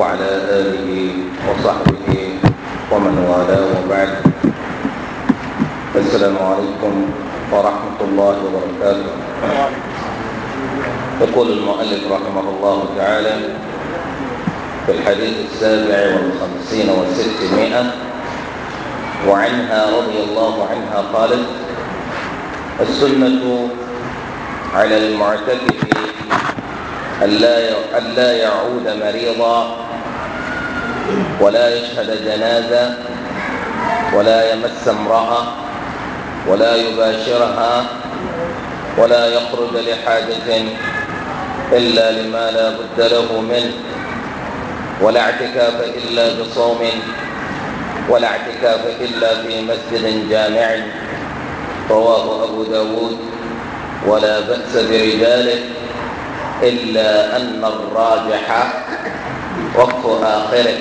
وعلى آله وصحبه ومن والاه وبعد السلام عليكم ورحمة الله وبركاته يقول المؤلف رحمه الله تعالى في الحديث السابع والخمسين والستمائة وعنها رضي الله عنها قالت السنة على المعتكف ألا يعود مريضا ولا يشهد جنازة ولا يمس امرأة ولا يباشرها ولا يخرج لحاجة إلا لما لا بد له منه ولا اعتكاف إلا بصوم ولا اعتكاف إلا في مسجد جامع رواه أبو داود ولا بأس برجاله إلا أن الراجح وقف آخره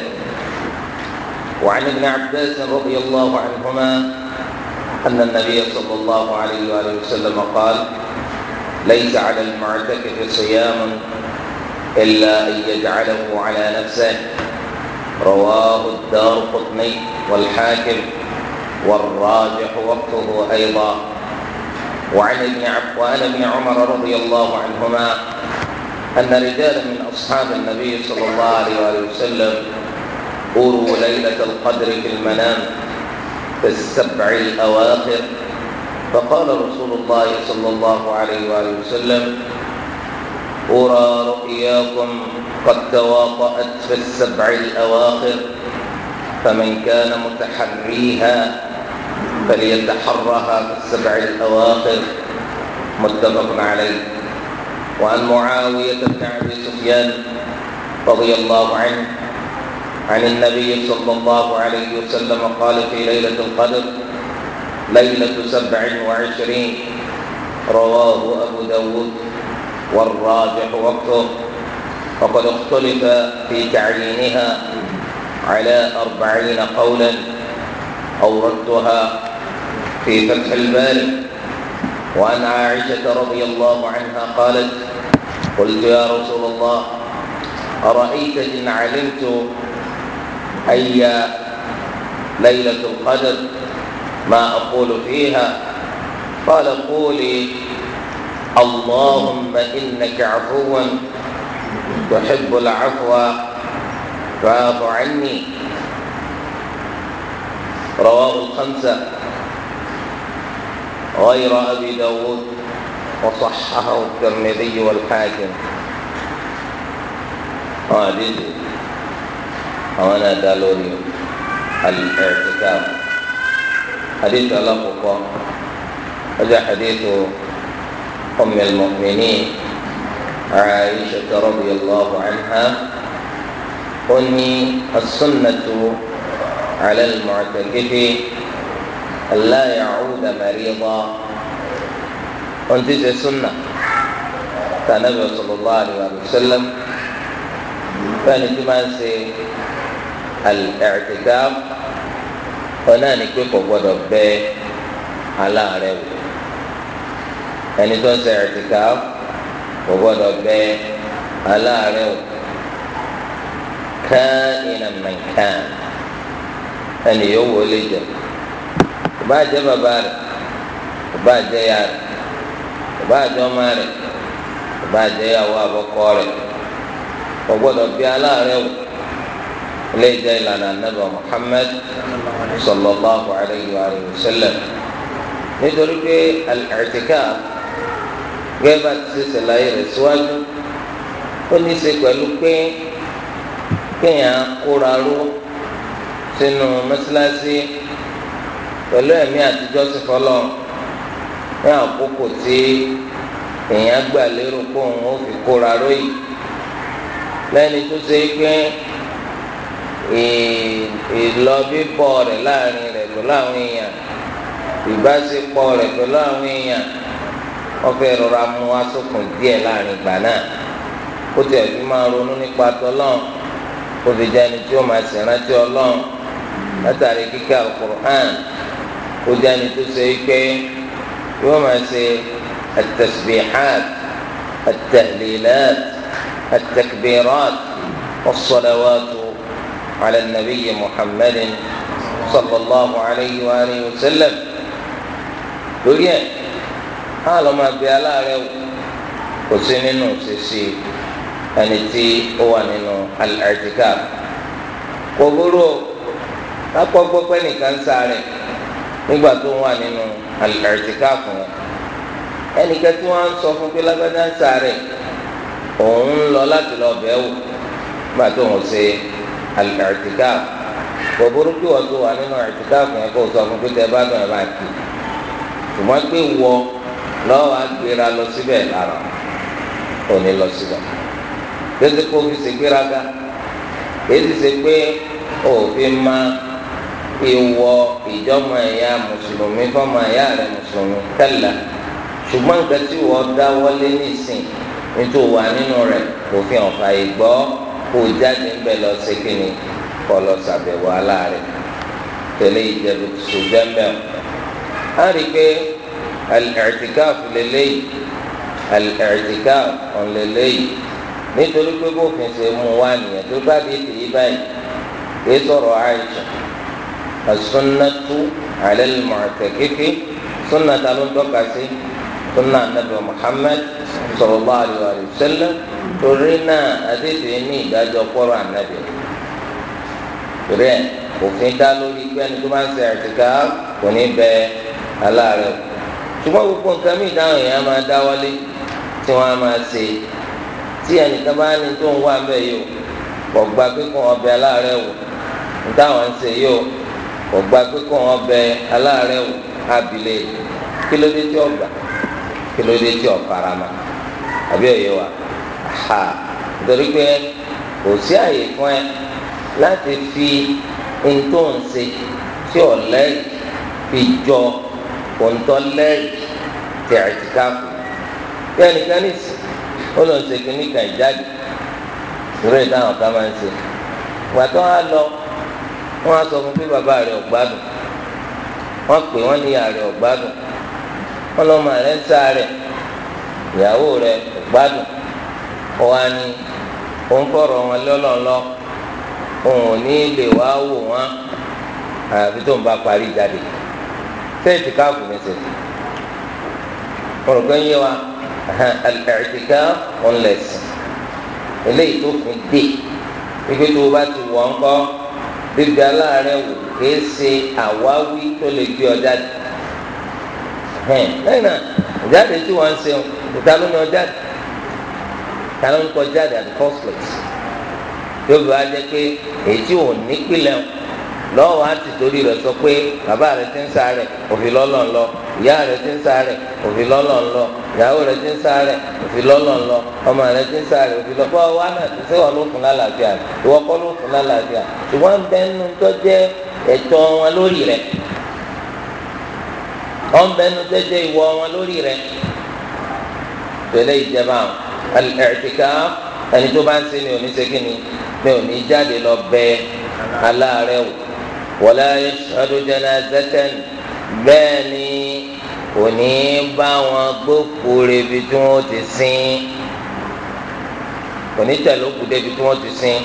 وعن ابن عباس رضي الله عنهما أن النبي صلى الله عليه وآله وسلم قال ليس على المعتكف صيام إلا أن يجعله على نفسه رواه الدار قطني والحاكم والراجح وقته أيضا وعن ابن عفوان بن عمر رضي الله عنهما أن رجالا من أصحاب النبي صلى الله عليه وآله وسلم أروا ليلة القدر في المنام في السبع الأواخر فقال رسول الله صلى الله عليه وآله وسلم أرى رؤياكم قد تواطأت في السبع الأواخر فمن كان متحريها فليتحرها في السبع الأواخر متفق عليه وعن معاوية بن أبي سفيان رضي الله عنه عن النبي صلى الله عليه وسلم قال في ليلة القدر ليلة سبع وعشرين رواه أبو داود والراجح وقته وقد اختلف في تعيينها على أربعين قولا أوردتها في فتح الباري وعن عائشة رضي الله عنها قالت قلت يا رسول الله أرأيت إن علمت حي ليلة القدر ما أقول فيها قال قولي اللهم إنك عفو تحب العفو فاعف عني رواه الخمسة غير أبي داود وصححه الترمذي والحاكم حديث آه àwọn náà dá lórí al-i'tikaf hadith alákòókò ọjà hadith ummul mu'minin Aisha radiyallahu anha ó ní as-sunnatu ala al-mu'takifi alla ya'uda marida ohun tí ṣe súnà tànàbẹ sallallahu alaihi wa bẹ́ẹ̀ ni tí máa ń ṣe al-i'tikaf ọ̀nà ni pé kò gbọdọ̀ bẹ aláàárẹ̀ wò ẹni tó ń ṣe i'tikaf kò gbọdọ̀ bẹ aláàárẹ̀ wò kā'inan man kāna ẹni yóò wò lè jẹ kò bá jẹ bàbá rẹ̀ kò ya rẹ̀ kò bá jẹ ọmọ rẹ̀ kò bá jẹ ìyàwó àbọ̀kọ rẹ̀ kò gbọdọ̀ bẹ aláàárẹ̀ wò eléyìí jẹ́ ìlànà anábà Muhammad sallallahu alayhi wa sallam nítorí pé al-i'tikaf gẹ́gẹ́ bá ti ṣe ṣàlàyé rẹ̀ síwájú ó ní í ṣe pẹ̀lú pé kéèyàn kóra ró sínú mọ́sálásí pẹ̀lú ẹ̀mí àtijọ́ sí fọlọ́ ní àkókò tí èèyàn gbà lérò pé òun ó fi kóra ró yìí lẹ́ni tó ṣe pé ìlọbíbọ̀ rẹ̀ láàrin rẹ̀ pẹ̀lú àwọn èèyàn ìbáṣepọ̀ rẹ̀ pẹ̀lú àwọn èèyàn wọ́n fẹ́ rọra mú asokùn díẹ̀ láàrin ìgbà náà ó ti ẹ̀fí máa ronú nípa tọ́lọ́n ó fi jẹ́ tí ó máa ṣèrántí ọlọ́run látàrí kíkà alukur'an ó jẹ́ tó ṣe pé yóò máa ṣe at-tasbihat at-tahlilat على النبي محمد صلى الله عليه وآله وسلم lórí ẹ á lọ máa bẹ aláàárẹ̀ wò kò sí nínú ṣèṣe ẹni tí ó wà nínú al-i'tikaf kò burú o lápọ̀gbọ́ pé nìkan sáré nígbà tó wà nínú al-i'tikaf fún wọn ẹnìkan tí wọ́n á ń sọ fún pé lágbájá ń sáré òun ń lọ láti lọ bẹ̀ wò nígbà tó wọ́n ṣe é al-i'tikaf kò burú kí wọ́n tó wà nínú i'tikaf yẹn kó sọ fún pé tẹ bá bẹ̀rẹ̀ bá kì í ṣùgbọ́n pé wọ lọ́wọ́ agbèrè lọ síbẹ̀ lára ò ní lọ síbẹ̀ gbèsè kó fi ṣègbéraga èyí ṣe pé òfin máa ìwọ ìjọmọ ẹ̀yà mùsùlùmí fọmọ ẹ̀yà rẹ mùsùlùmí tẹ́lẹ̀ ṣùgbọ́n nǹkan tí wọ́n dáwọ́lé nísìn nítorí wà nínú rẹ̀ òfin ọ̀fà ìgbọ́ kó jáde ńbẹ lọ sí kínní kọ lọ sàbẹ̀wò aláàrẹ tẹ̀lé ìjẹ̀bù sójà ńbẹ o. a rí i pé al-i'tikaf lélẹ́yìí al-i'tikaf ọ̀nlẹ́lẹ́yìí nítorí pé bófin ṣe mú wá nìyẹn tó bá di tèyí báyìí kì sọ̀rọ̀ àìsàn as-sunnatu 'ala al ló ń tọ́ka sí sunna anabi muhammad sallallahu alaihi wa sallam. torí náà àtẹ̀tẹ̀ ní ìdájọ́ kọrọ ànábì torí òfin dá lórí pé ẹni tó bá ń ṣe àtìká kò ní bẹ aláàárẹ̀ o ṣùgbọ́n gbogbo nǹkan mí ìdáhùn yẹn á máa dá tí wọ́n á máa ṣe tí ẹnìkan bá tó ń wá ń yìí gba ń ṣe yìí gba kí ló dé tí kí ló wa. ha torí pé kò sí àyè fún ẹ láti fi ntòǹsè tí ò lẹ́yìn fi jọ òǹtọ́ lẹ́yìn tí a ti ká kù bí ẹnìkan ní ìsìn ó lọ ṣe kí nìkan ìjáde ìrẹ́ ìdáhùn ká máa ń ṣe gbàtọ́ á lọ wọ́n á sọ fún pé bàbá rẹ̀ ọ̀gbádùn wọ́n pè wọ́n ní àrẹ̀ ọ̀gbádùn wọ́n lọ́mọ rẹ̀ ń sá rẹ̀ ìyàwó rẹ̀ ọ̀gbádùn wá ní òun kọ̀rọ̀ wọn lọ́lọ́lọ́ òun ò ní lè wá wò wọ́n àbí tó ń bá parí jáde sẹ́ẹ̀tì káàbù ní sẹ́ẹ̀tì ọ̀rọ̀ gbẹ́ yé wa ẹ̀ẹ́dìkà ọ̀nlẹ̀sì eléyìí tó fi dé ibi tó o bá ti wọ̀ ń kọ́ gbígbé aláàárẹ̀ wò kìí ṣe àwáwí tó lè gbé ọ jáde lẹ́yìn náà ìjáde tí wọ́n ń ṣe ìdálómi ọ jáde tani orúkọ jáde at the first place yóò bí wá jẹ pé èyí tí ò ní pìlẹ̀ lọ́wọ́ á ti torí rẹ̀ sọ pé bàbá rẹ̀ ti ń sáré òfin lọ́lọ́ ńlọ ìyá rẹ̀ ti ń sáré òfin lọ́lọ́ ńlọ ìyàwó rẹ̀ ti ń sáré òfin lọ́lọ́ ńlọ ọmọ rẹ̀ ti ń sáré òfin lọ́ bọ́ wa náà ti sẹ́wọ̀n ló fún lálàáfíà ìwọ kọ́ ló fún lálàáfíà ṣùgbọ́n bẹ́ẹ̀nu tó jẹ́ ẹ̀tọ́ wọn lórí rẹ̀ ọ̀nbẹ́nu tó jẹ́ ìwọ wọn lórí rẹ̀ tẹ̀lé ìjẹba àwọn al-i'tikaf ẹni tó bá ń ṣe ni òní ṣe kí ni ni òní jáde lọ bẹ aláàárẹ̀ wò wala yashhadu janazatan bẹ́ẹ̀ ni òní bá wọn gbókòrè ibi tí wọ́n ti sìn òní tẹ̀lé òkú débi tí wọ́n ti sìn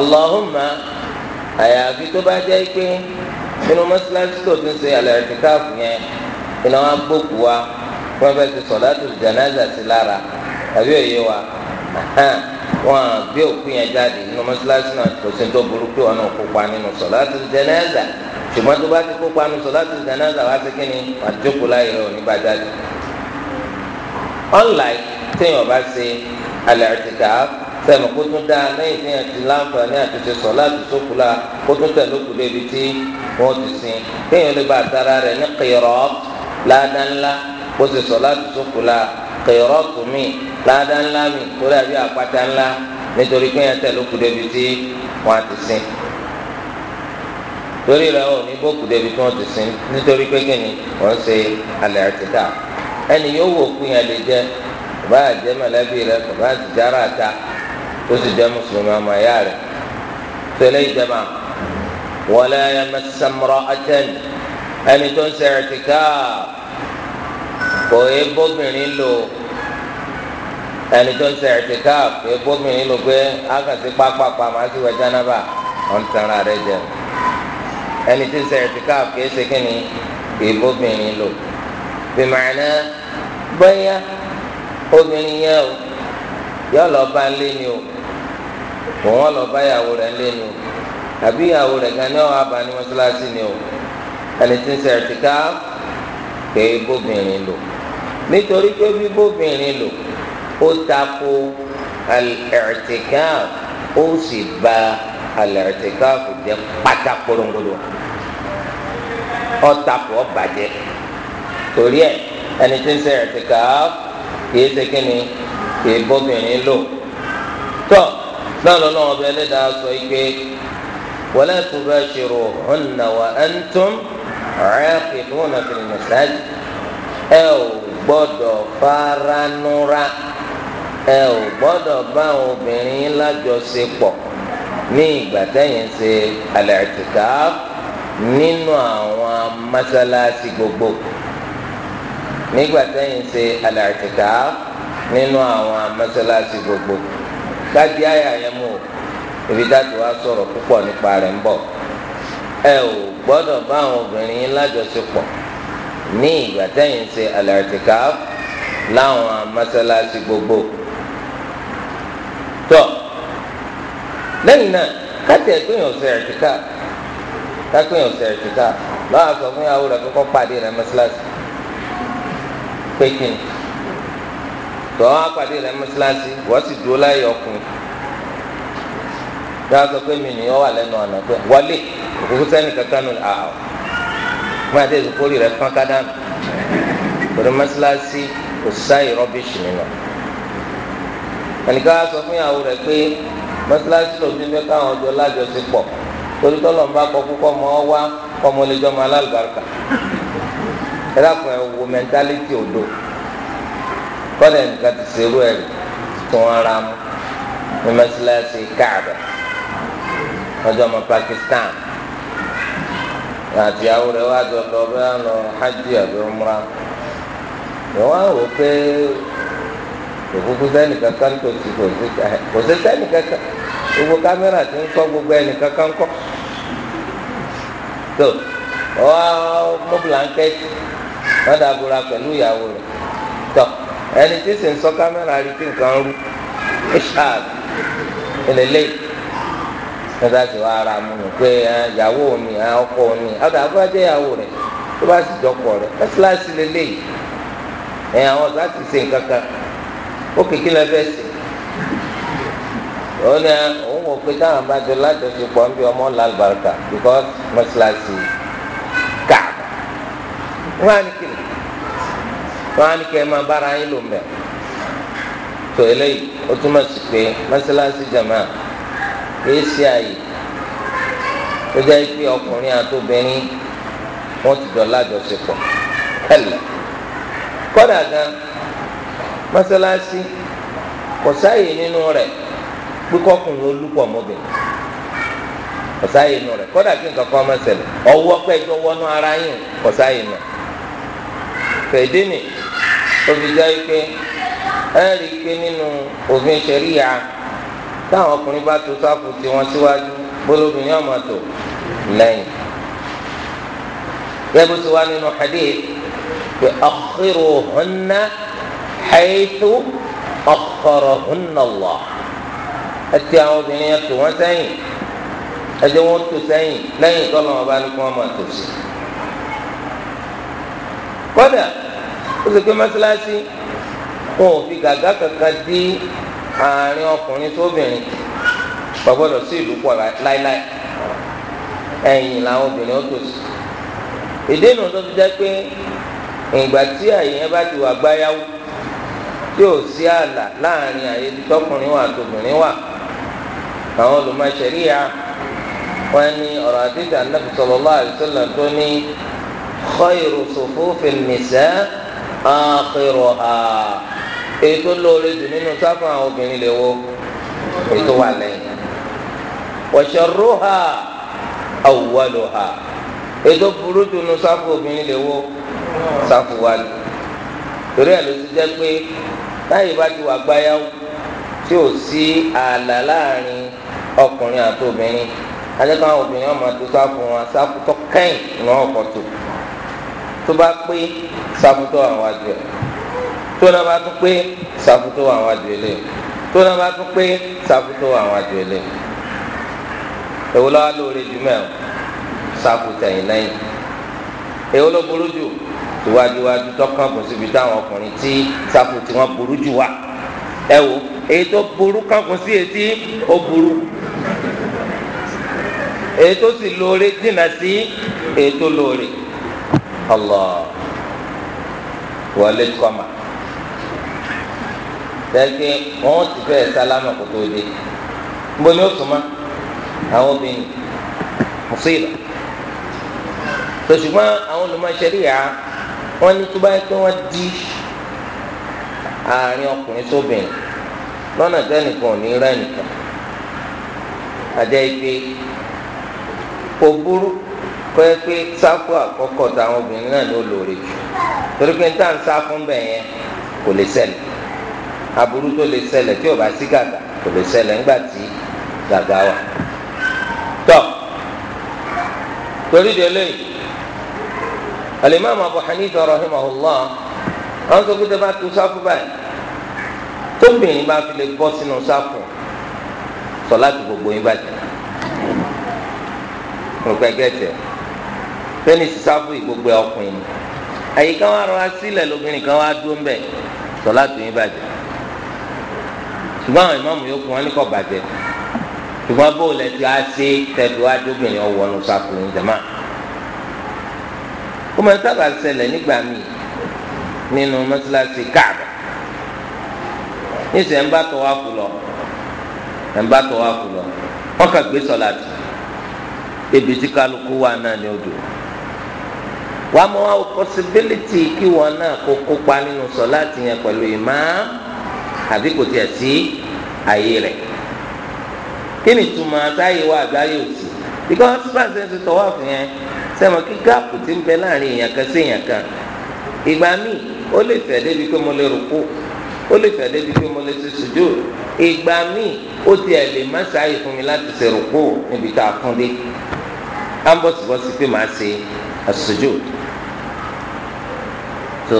Allahumma àyàfi tó bá jẹ́ pé nínú mọ́sálásí tó ti ń ṣe al-i'tikaf yẹn ìnáwó agbókù wa wọ́n fẹ́ ti sọ̀látù jánásà sí lára àbí òye wa wọn gbé òkú yẹn jáde nínú mọ́ṣáláṣí náà kò sí tó burú pé wọn náà kópa nínú sọ̀látù jánásà ṣùgbọ́n tó bá ti kópa nínú sọ̀látù jánásà wá sí kínní wà á jókòó láyé rẹ̀ òní bá jáde. online téèyàn bá ṣe alẹ́ àtìkà sẹ́nu kó tún dáa lẹ́yìn tí yẹn ti láǹfààní àtúnṣe sọ láti sókùlà kó tún tẹ̀lé òkú débi tí wọ́n ti sin kéèyàn lè bá àtàrà rẹ̀ ní kìrọ́ọ̀ kó sì sọ láti sókù la kẹrọ́ọ̀kù mi láàdá ńlá mi kó dàbí àpáta ńlá nítorí pé yẹn tẹ̀lé kù débi tí wọ́n ti sìn torí rẹ ò ní bókù débi tí wọ́n ti sìn nítorí pé kíni wọ́n ṣe alẹ́ àtìká ẹni yóò wò kú yẹn lè jẹ bàbá àjẹ mọ̀lẹ́bí rẹ bàbá àtijọ́ra ta tó sì jẹ́ mùsùlùmí ọmọ ẹ̀yà rẹ tẹ̀lé ìjẹba wọlé ẹ̀yẹ mẹsàmúrọ̀ ẹ̀tẹ́ni ẹni tó ń ṣe àtìká. kò é bóbìnrin lò ẹni tó ń ṣe ẹ̀tìkáf kò bóbìnrin lò pé a kàn sí pápápá ma jánábà ọ̀ ń rẹ jẹ ẹni tó ń ṣe ẹ̀tìkáf kò é ṣe kí ni kò bóbìnrin lò bí màánà obìnrin yẹn o yọ lọ bá ń ni o òun lọ bá ìyàwó ni o àbí ìyàwó rẹ̀ gan ni ọ̀ abà mọ́ṣáláṣí ni o ẹni pé bóbìnrin lò nítorí pé bí bóbìnrin lò ó tako al-i'tikaf ó sì ba al-i'tikaf jẹ́ pátá korongodo ó tako ó bàjẹ́ torí ẹ ẹni tí ń ṣe i'tikaf kìí ṣe kí kìí bóbìnrin lò tó náà ọbẹ̀ ẹlẹ́dàá sọ pé wala tubashiruhunna wa antum. rákìdúnà fil masajid ẹ ò gbọ́dọ̀ faranúra ẹ ò gbọ́dọ̀ bá obìnrin lájọṣepọ̀ ní ìgbà tẹ́yìn ṣe al nínú àwọn masalasi gbogbo nígbà ṣe gbogbo kájí àyà yẹn mú ibi tá a ti wá ẹ ò gbọ́dọ̀ bá àwọn obìnrin yín lájọṣepọ̀ ní ìgbà tẹ́yìn ṣe àlàtìká láwọn mọ́sálásí gbogbo. tọ́ lẹ́yìn náà káàtì ẹ̀pẹ́yìn ọ̀sẹ̀ ẹ̀tìká kápẹ́yìn ọ̀sẹ̀ ẹ̀tìká lọ́wọ́ àṣọ fún ìyàwó rẹ̀ kọ́kọ́ pàdé rẹ̀ mọ́sálásí pé kí ni tọ́ wá pàdé rẹ̀ mọ́sálásí wọ́n sì dúró láyé ọkùnrin. yàtọ̀ pé mi nìyẹn wà lẹ́nu ọ̀nà pé wọlé òkú sẹ́ni kankan nù àwọ̀ wọ́n yà dé ìsopórì rẹ̀ pọ́n kádán pẹ̀lú mọ́sálásí kò sáyé rọ́bìṣì nínú. ẹnìkan á sọ fún ìyàwó rẹ̀ pé mọ́sálásí ló fi fẹ́ káwọn ọjọ́ lájọṣepọ̀ torí tọ́lọ̀ ń bá kọ kúkọ́ mọ́ ọ wá ọmọ olèjọ́ ọmọ alálùbáríkà ẹ dákun ẹ wo mẹ́ńtálítì òdo kọ́dà ẹnìkan ti ṣerú ẹ̀ tó ń ra mu ní mọ́sálásí káàdà ọjọ́ ọmọ Pakistan àti àwọn rẹ̀ wá jọ lọ bí wọ́n lọ hajj àbí umra wọ́n wá wò pé òkúkú sẹ́ni kankan tó ti kò sí eh, kò sí sẹ́ni kankan gbogbo kámẹ́rà ti ń kọ́ gbogbo ẹni kankan kọ́ tó wọ́n mú blanketi wọ́n dàbòrà pẹ̀lú ìyàwó rẹ̀ tó ẹni tí sì ń sọ kámẹ́rà rí kí nǹkan rú ṣáà ẹlẹ́lẹ́yìí. kẹsàkì wa ara mu nù pé ìyàwó ni ọkọ ni ọdọ abúlé ìyàwó rẹ tó bá sì si rẹ mẹsàlásì lélẹyìí ẹ àwọn ọ̀sán ti ṣe nǹkan kan ó kékeré lọ fẹ́ sè òun ni òun wò pé táwọn bá jọ lájọṣepọ̀ ń bí ọmọ làlùbáríkà because mọ́ṣáláṣí kà wọ́n á ní kiri wọ́n á ní kẹ́ ẹ máa bára yín lò tó eléyìí kìí ṣe àyè tó jẹ́ pé ọkùnrin àtobìnrin wọ́n ti dọ̀la àjọṣepọ̀ ẹ̀lẹ̀ kọ́dà gan mọ́sálásí kò sáàyè nínú rẹ̀ pípọ́kùnrin olúpọ̀ mọ́bìnrin kò sáàyè nínú rẹ̀ kọ́dà kí nǹkan kan má ṣẹlẹ̀ ọwọ́ pẹ́jọ́ wọnú ara yìí kò sáàyè nù fèdè nì tó fi jẹ́ pé ẹ̀ rí i pé nínú òfin ṣẹ̀ríyà táwọn ọkùnrin bá to sáfù tí wọ́n síwájú bólóbìnrin ọmọ tó lẹ́yìn yẹ́bù sí wa nínú hadith pé akhiruhunna haythu akharahunna Allah ẹtì àwọn obìnrin yẹn tó wọ́n sẹ́yìn ẹjẹ́ wọ́n tó sẹ́yìn lẹ́yìn tó lọ́wọ́ bá ní kí wọ́n tó sí. kódà ó sì pé mọ́sálásí wọn ò fi gàgá kankan dín àárín ọkùnrin tóbìnrin kò gbọ́dọ̀ sí ìlú pọ̀ láíláí ẹ̀yìn làwọn obìnrin ó tò sí ìdí nu tó fi jẹ́ pé ìgbà tí àyè yẹn bá ti wà gbáyàwó tí ò sí ààlà láàrin àyè tọkùnrin wà tóbìnrin wà àwọn olùmọ̀ṣẹ̀ríyà wọn ní ọ̀rọ̀ àdìjà nàbì sallallahu tó ní khayru sufufin nisa akhiruha èyí tó lóore jù nínú sáfún àwọn obìnrin lè wo èyí tó wà lẹ́yìn wa sharruha awwaluha èyí tó burú jù nínú sáfún obìnrin lè wo sáfún wa lè torí ẹ̀ ló ti jẹ́ pé táyì bá ti wà gbáyàwó tí ò sí ààlà láàrin ọkùnrin àti obìnrin adékọ̀ àwọn obìnrin ọmọ tó sáfù wọn sáfù tó kẹ́yìn ní ọkọ̀ tó tó bá pé sáfù tó àwọn àjọ ẹ̀ tó náà bá tún pé sàfùtò àwọn àjò ilé tó náà bá tún pé sàfùtò àwọn àjò ilé èwo ló wá lóore jù mẹ́ọ̀ sàfùtò ẹ̀yìn lẹ́yìn èwo ló burú jù ìwádìíwádìí tọkàn kò síbi táwọn ọkùnrin tí sàfùtò wọn burú jù wà ẹ wò èyí tó burú kàn kò sí èyí tí ó burú èyí tó sì lóore dínà sí èyí tó lóore Allah wọlé kọ́mà tẹ́gbẹ́ wọn ti fẹ́ sálámà kó tó dé níbo ni ó súnmọ́ àwọn obìnrin mùsùlùmí tòṣùgbọ́n àwọn olùmọ̀ṣẹ́ríyà wọ́n ní tó báyìí pé wọ́n di àárín ọkùnrin sóbìnrin lọ́nà tẹ́nìkan ò ní rẹ́ nìkan àjẹ́ ipe kò burú kọ́ pé sáfù àkọ́kọ́ táwọn obìnrin náà ló lòrè jù torí pé ní tá à ń sá fún bẹ́ẹ̀ yẹn kò lè ṣẹlẹ̀ aburú tó lè ṣẹlẹ̀ tí ò bá sí gàgà kò lè ṣẹlẹ̀ ńgbà tí gàgà wà. tọ́ torí de lẹ́yìn alimami abu hanifa rahimahullah àwọn tó kúta bá tu sáfù báyìí tóbìnrin bá fi lè bọ́ sínú sáfù sọ láti gbogbo yín bàjẹ́ rògbẹ́ gẹ́tẹ̀ tẹ́nìsì sáfù ìgbogbo ọkùnrin àyíká wa rọra sílẹ̀ lóbìnrin kan wá dúró ń bẹ̀ sọ láti yín bàjẹ́. ṣùgbọ́n àwọn yóò yòókù wọn ní kò bàjẹ́ ṣùgbọ́n bó lẹ ti á ṣe tẹ̀dù adóbìnrin ọ̀wọ́nu sakùnrin jama. ó máa ń sábà ṣẹlẹ̀ nígbà míì nínú mọ́ṣáláṣí káàbà níṣẹ́ ń bá tọ́ wa lọ ń bá sọ ebi tí kálukú wà náà ní odò wàá mọ àwọn kí wọn náà kó kópa nínú sọ láti yẹn ìmáà àbí ayé rẹ̀ kí ni túmọ̀ táyé wa àgbáyé òsì bíkọ́ wọn túbọ̀ ṣe ń ṣe tọwọ́ fún yẹn sẹ́mo kí gáàpù ti ń bẹ láàrin èèyàn kan sí èèyàn kan ìgbà míì ó lè fẹ̀ débi pé mo lè rúkú ó lè fẹ̀ débi pé mo lè ṣe sùjúù ìgbà míì ó tiẹ̀ lè má ṣáàyè fún mi láti ṣe rúkú níbi tá a fún dé á ń bọ̀sibọ́sí pé màá ṣe àṣùjúù so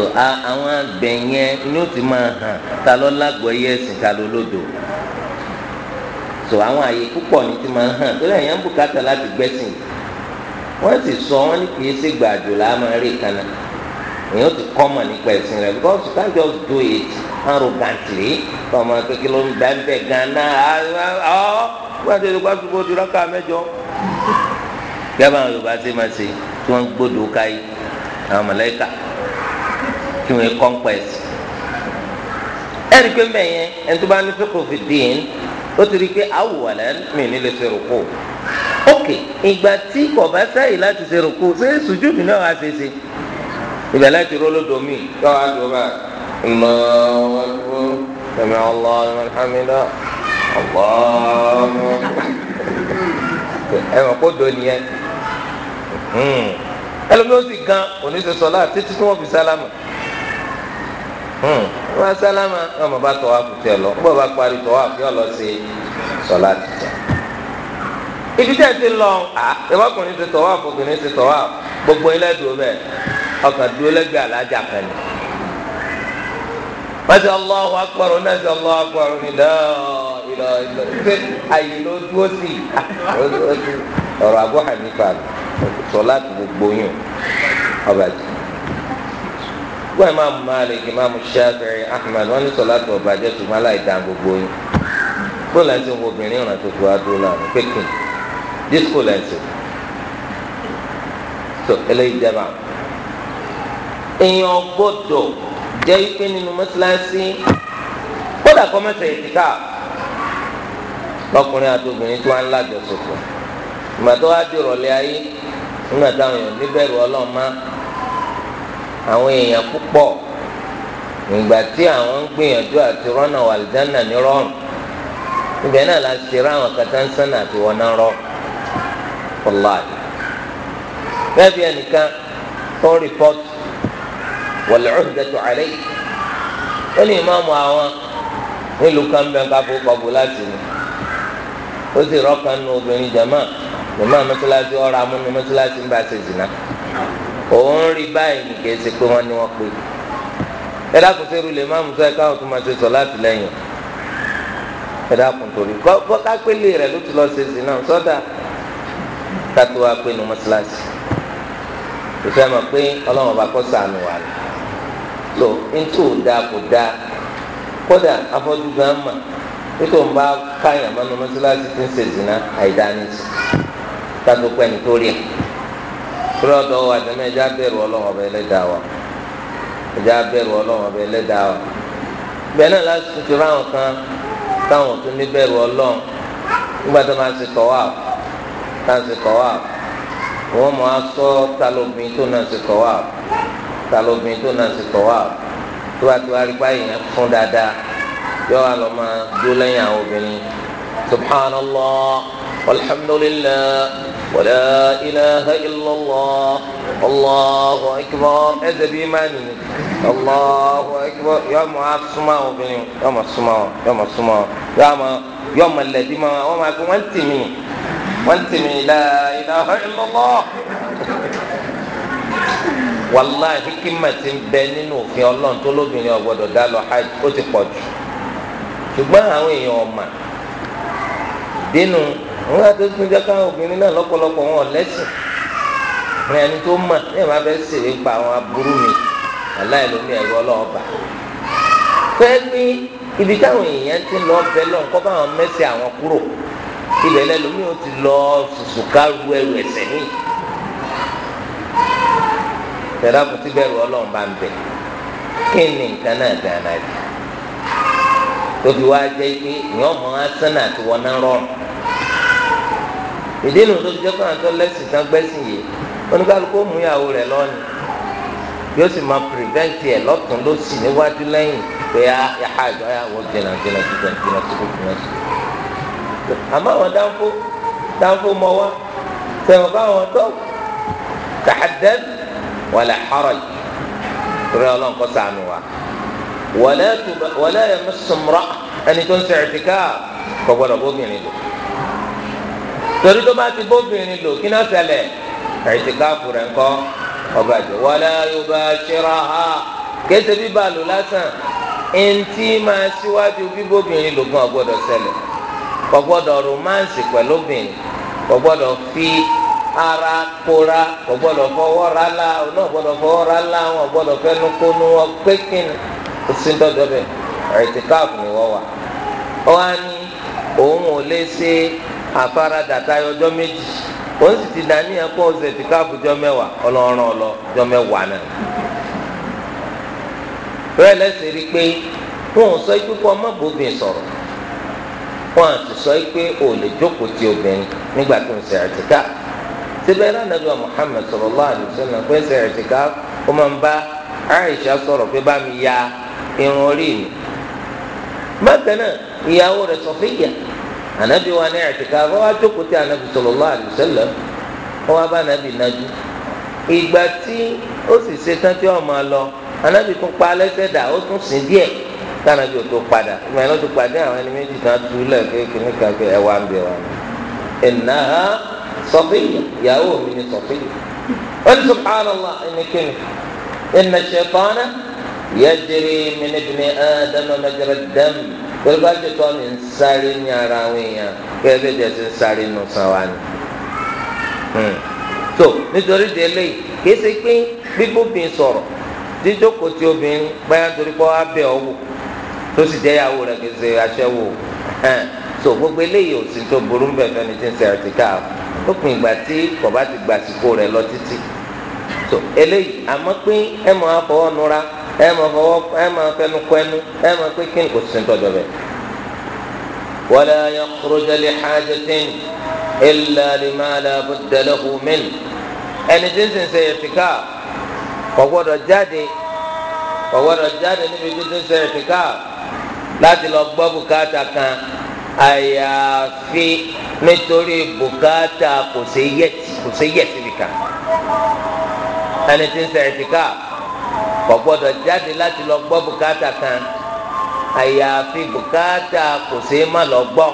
àwọn àgbẹ̀ yẹn ni ó ti máa hàn ta ló lágbo ẹyẹ ẹ̀sìn ta ló lódò so àwọn àyè púpọ̀ ni ti máa hàn tó lẹ́yìn bùkátà láti gbẹ́sìn wọ́n sì sọ wọ́n ní kì í ṣe gbàdò là á máa rí ìkànnà èèyàn ti kọ́mọ̀ nípa ẹ̀sìn rẹ̀ because you can't just do it arrogantly ọmọ kékeré ló ń dá ń bẹ̀ gan-an ọ́ wọ́n ti dùkọ́ sùpọ̀ ojú rọ́kà mẹ́jọ. gẹ́gẹ́ bá àwọn Yorùbá ṣe máa ṣe tí wọ́n ń gbódò káyé àwọn mọ̀lẹ́kà kí wọ́n conquest ẹ̀rí pé mẹ́yẹn ẹni tó bá ní fẹ́ kófì dín ó ti rí i pé àwòwàlẹ́ mi ní lè ṣe rúkú ok ìgbà tí kò bá sẹ́yìn láti ṣe rúkú ṣé sùjúdù náà wá ṣe ṣe ìgbà láti rolo mi yọ wá lọ bá Allahu akbar sami Allah alhamida Allah ẹ mọ̀ kó do nìyẹn hmm. ẹlòmíràn sì gan oníṣẹ́ sọ́lá títí tí wọ́n fi sálámù. Hmm. wọn sálámà wọn bàbá tọwọ àkùtì ẹ lọ wọn bàbá parí tọwọ àkùtì ọ lọ sí sọlá tìjà ibi tẹ́ ẹ ti lọ à ìwọkùnrin ti tọwọ àkùnrin ti tọwọ gbogbo ilé dùn bẹ́ẹ̀ ọkàn dúró lẹ́gbẹ̀ẹ́ alájà kan ni wọ́n ti Allahu Akbar náà ti Allahu Akbar ní dáa ìlọ ìlọ ṣe àyè ló dúró sí ọ̀rọ̀ Abu wọ́n ìmáàmù Malik ìmáàmù Shafi'i Ahmad wọ́n ní sọlá tó bàjẹ́ tó má láì dá gbogbo yín bóòlù ẹ̀sìn wo obìnrin ọ̀nà tó tó adó lánàá pékin disco lẹ́sìn tó eléyìí jẹ́ bá èèyàn gbọ́dọ̀ jẹ́ ike nínú mọ́sálásí kódà kọ́ mẹ́sẹ̀ ìtìká lọ́kùnrin àti obìnrin tí wọ́n á ń lájọsọ̀tọ̀ ìgbà tó wá dé ìrọ̀lẹ́ ayé nígbà táwọn èèyàn níbẹ̀rù ọlọ́run àwọn èèyàn púpọ̀ ìgbà tí àwọn ń gbìyànjú àti rọ́nà wàlìjánà ní rọrùn ibẹ̀ náà la ṣe ráwọn kata ń sànà àti wọn náà rọ wàláàdì bẹ́ẹ̀ bí ẹnìkan tó ń rìpọ́tù wal-'uhdatu 'alayhi ó ní ìmáàmù àwọn nílùú kan bẹ́ẹ̀ ká fún kọ́bù láti ní ó sì rọ́ọ̀kan nu obìnrin jama jama mọ́tíláṣí ọ̀rọ̀ amúnimọ́tíláṣí ń bá ṣe jìnnà. òun rí báyìí ní kìí ṣe pé wọ́n ní wọ́n pè é dákun ruo rúlẹ̀ musa mú sọ ṣe sọ láti lẹ́yìn ẹ torí bọ́ká pélé rẹ̀ ló ti lọ ṣe sí náà sọ́dà kátó wa pé nu mọ́ṣáláṣí kò pé bá kọ́ sànù wà lọ kò kódà afọ́jú gan ma nítorí bá káyàn ń ṣe kúrò ọ̀dọ̀ wa tẹmẹ ẹjá bẹ̀rù Ọlọ́run ọbẹ Ẹlẹ́dàá wa ẹjá bẹ̀rù Ọlọ́run ọbẹ Ẹlẹ́dàá wa bẹ́ẹ̀ náà láti tuntun ráwọn kan táwọn tún ní bẹ̀rù Ọlọ́run nígbà tó máa ṣe tọwá máa ṣe tọwá wọn máa sọ talóbin tó náà ṣe tọwá talóbin tó náà ṣe tọwá tó bá ti wá rí báyìí yẹn fún dáadáa yọ wà lọ máa dúró lẹ́yìn àwọn obìnrin subhanallah walhamdulillah. ولا إله إلا الله الله أكبر أدبي من الله أكبر يا ما أسمعه بني يا ما أسمعه يا ما يا ما يا الذي ما وما كم أنت مني أنت مني لا إله إلا الله والله hikima ti في bẹ nínú òfin ọlọ́run tó lóbìnrin ọ̀gbọ́dọ̀ شو lọ hajj ó ti wọn bá tó tún jẹ obìnrin náà lọ́pọ̀lọpọ̀ wọn lẹ́sìn rẹ ẹni tó mọ̀ ní ẹ má fẹ́ ṣèwé pa àwọn aburú mi aláì lómi ẹ̀rọ ọlọ́ọ̀bà fẹ́ pé ibi táwọn èèyàn ti lọ bẹ lọ́n kọ́ bá wọn mẹ́sì àwọn kúrò ibẹ̀ lẹ́lómi ò ti lọ sùsùká ru ẹrù ẹ̀sẹ̀ ọlọ́run bá kí ni nǹkan náà dáná jù tóbi wá jẹ́ pé ìdí nu tó fi jẹ́ pé àtọ́ lẹ́sìn tán gbẹ́sìn yìí oníkálukú mú ìyàwó rẹ̀ lọ́ni yóò sì máa prevent ẹ̀ lọ́tún ló sì níwájú lẹ́yìn pé yàrá ìjọ yà wọ́n jìnnà jìnnà jìnnà jìnnà síbò jìnnà síbò. àmọ́ àwọn dáńfó dáńfó mọ wá sẹ́wọ̀n báwọn tó tàdán wàlẹ̀ xọ́rọ̀ yìí torí ọlọ́run kọ́ sànù wa wàlẹ̀ yẹn mú sùmùrọ̀ ẹni tó ń sẹ̀rẹ̀ torí tó bá ti bóbìnrin lò kí náà ṣẹlẹ̀ ẹ̀sì káfù rẹ̀ ńkọ́ ọba jù wọlé yorùbá ṣẹra ha kéde bíbá lò lásán eŋti máa ṣíwájú bíbóbìnrin lò gan ọgbọ́dọ̀ ṣẹlẹ̀ ọgbọ́dọ̀ romansi pẹ̀lúbìnrin ọgbọ́dọ̀ fi ara kóra ọgbọ́dọ̀ fọwọ́ ra la ọ̀nà ọgbọ́dọ̀ fọwọ́ ra wọn ọgbọ́dọ̀ fẹnu kónú wọn pékin òsíndọ́dọ́ bẹ̀ ẹ̀sì káfù ni wọ́n wà. ní òun ò lè ṣe àfaradà tayọ ọjọ́ méjì ó sì ti dání ẹkọ ọsẹ tí káàbù jọ mẹ́wàá Ọlọ́run ọlọ jọ mẹ́wàá náà bẹ́ẹ̀ lẹ́sẹ̀ rí i pé wọn ò sọ pé kó ọmọ bòbí sọ̀rọ̀ wọn sì sọ pé ò lè jókòó ti obìnrin nígbà tó ń ṣe ẹ̀tìká síbẹ̀ lánàbí wa Muhammad sallallahu alaihi wasallam pé ṣe ẹ̀tìká ó máa ń bá Aisha sọ̀rọ̀ pé bá mi ya irun orí mi bákan ìyàwó rẹ̀ Sọfíyà anabi wa ní ẹ̀tìkáf wọ́n wá jókòó tí anabi sallallahu alaihi wasallam wọ́n wá bá anabi nájú ìgbà tí ó sì ṣe tán tí wọ́n máa lọ anabi tún pa alẹ́sẹ̀ dà ó tún sìn díẹ̀ tí anabi ò tó padà ìgbà yẹn ló ti pàdé àwọn ẹni méjì tán tu lẹ̀ kékeré kankan ẹ̀ wá ń bẹ̀ wá ẹ̀nà sọ̀fìyà ìyàwó mi ni sọ̀fìyà ó ní subhanallah ẹnikẹ́ni ẹ̀nà ṣẹ̀tánà yajri min ibni ádámà majra ad-dam gbẹgbẹ àjẹtọ ni ń sáré ní ara àwọn èèyàn gbẹgbẹ jẹ ti ń sáré nù sàn wá ni. Hmm. so nítorí délé kìí ṣe pé gbígbóbìn sọ̀rọ̀ jíjókòó tí obìnrin báyà torí pé wọ́n á bẹ̀ ọ́ wò tó sì jẹ́ rẹ̀ kìí ṣe aṣẹ́wó so gbogbo eléyìí ò sí tó burú bẹ̀ fẹ́ni tí ń ṣe ẹ̀rọ̀tìkà lópin ìgbà tí kò bá ti gbàsíkò rẹ̀ lọ títí so eléyìí àmọ́ pé ẹ mọ̀ á fọwọ́ nura ẹ máa fọwọ́ ẹ máa fẹnu kọẹnu ẹ máa pé kí ni kò sí tọ́jọ́ bẹ́ẹ̀. wala yakhruja li hajatin illa lima la budda lahu min ẹni tí ń sìn ṣe ẹ̀tìká kò gbọ́dọ̀ jáde kò gbọ́dọ̀ jáde níbi tí ń ṣe ẹ̀tìká láti lọ gbọ́ bùkátà kan àyàfi nítorí bùkátà kò ṣe yẹtì kò ṣe yẹtì nìkan ẹni tí ń ṣe ẹ̀tìká kò gbọ́dọ̀ jáde láti lọ gbọ́ bùkátà kan àyàfi bùkátà kò sí má lọ gbọ́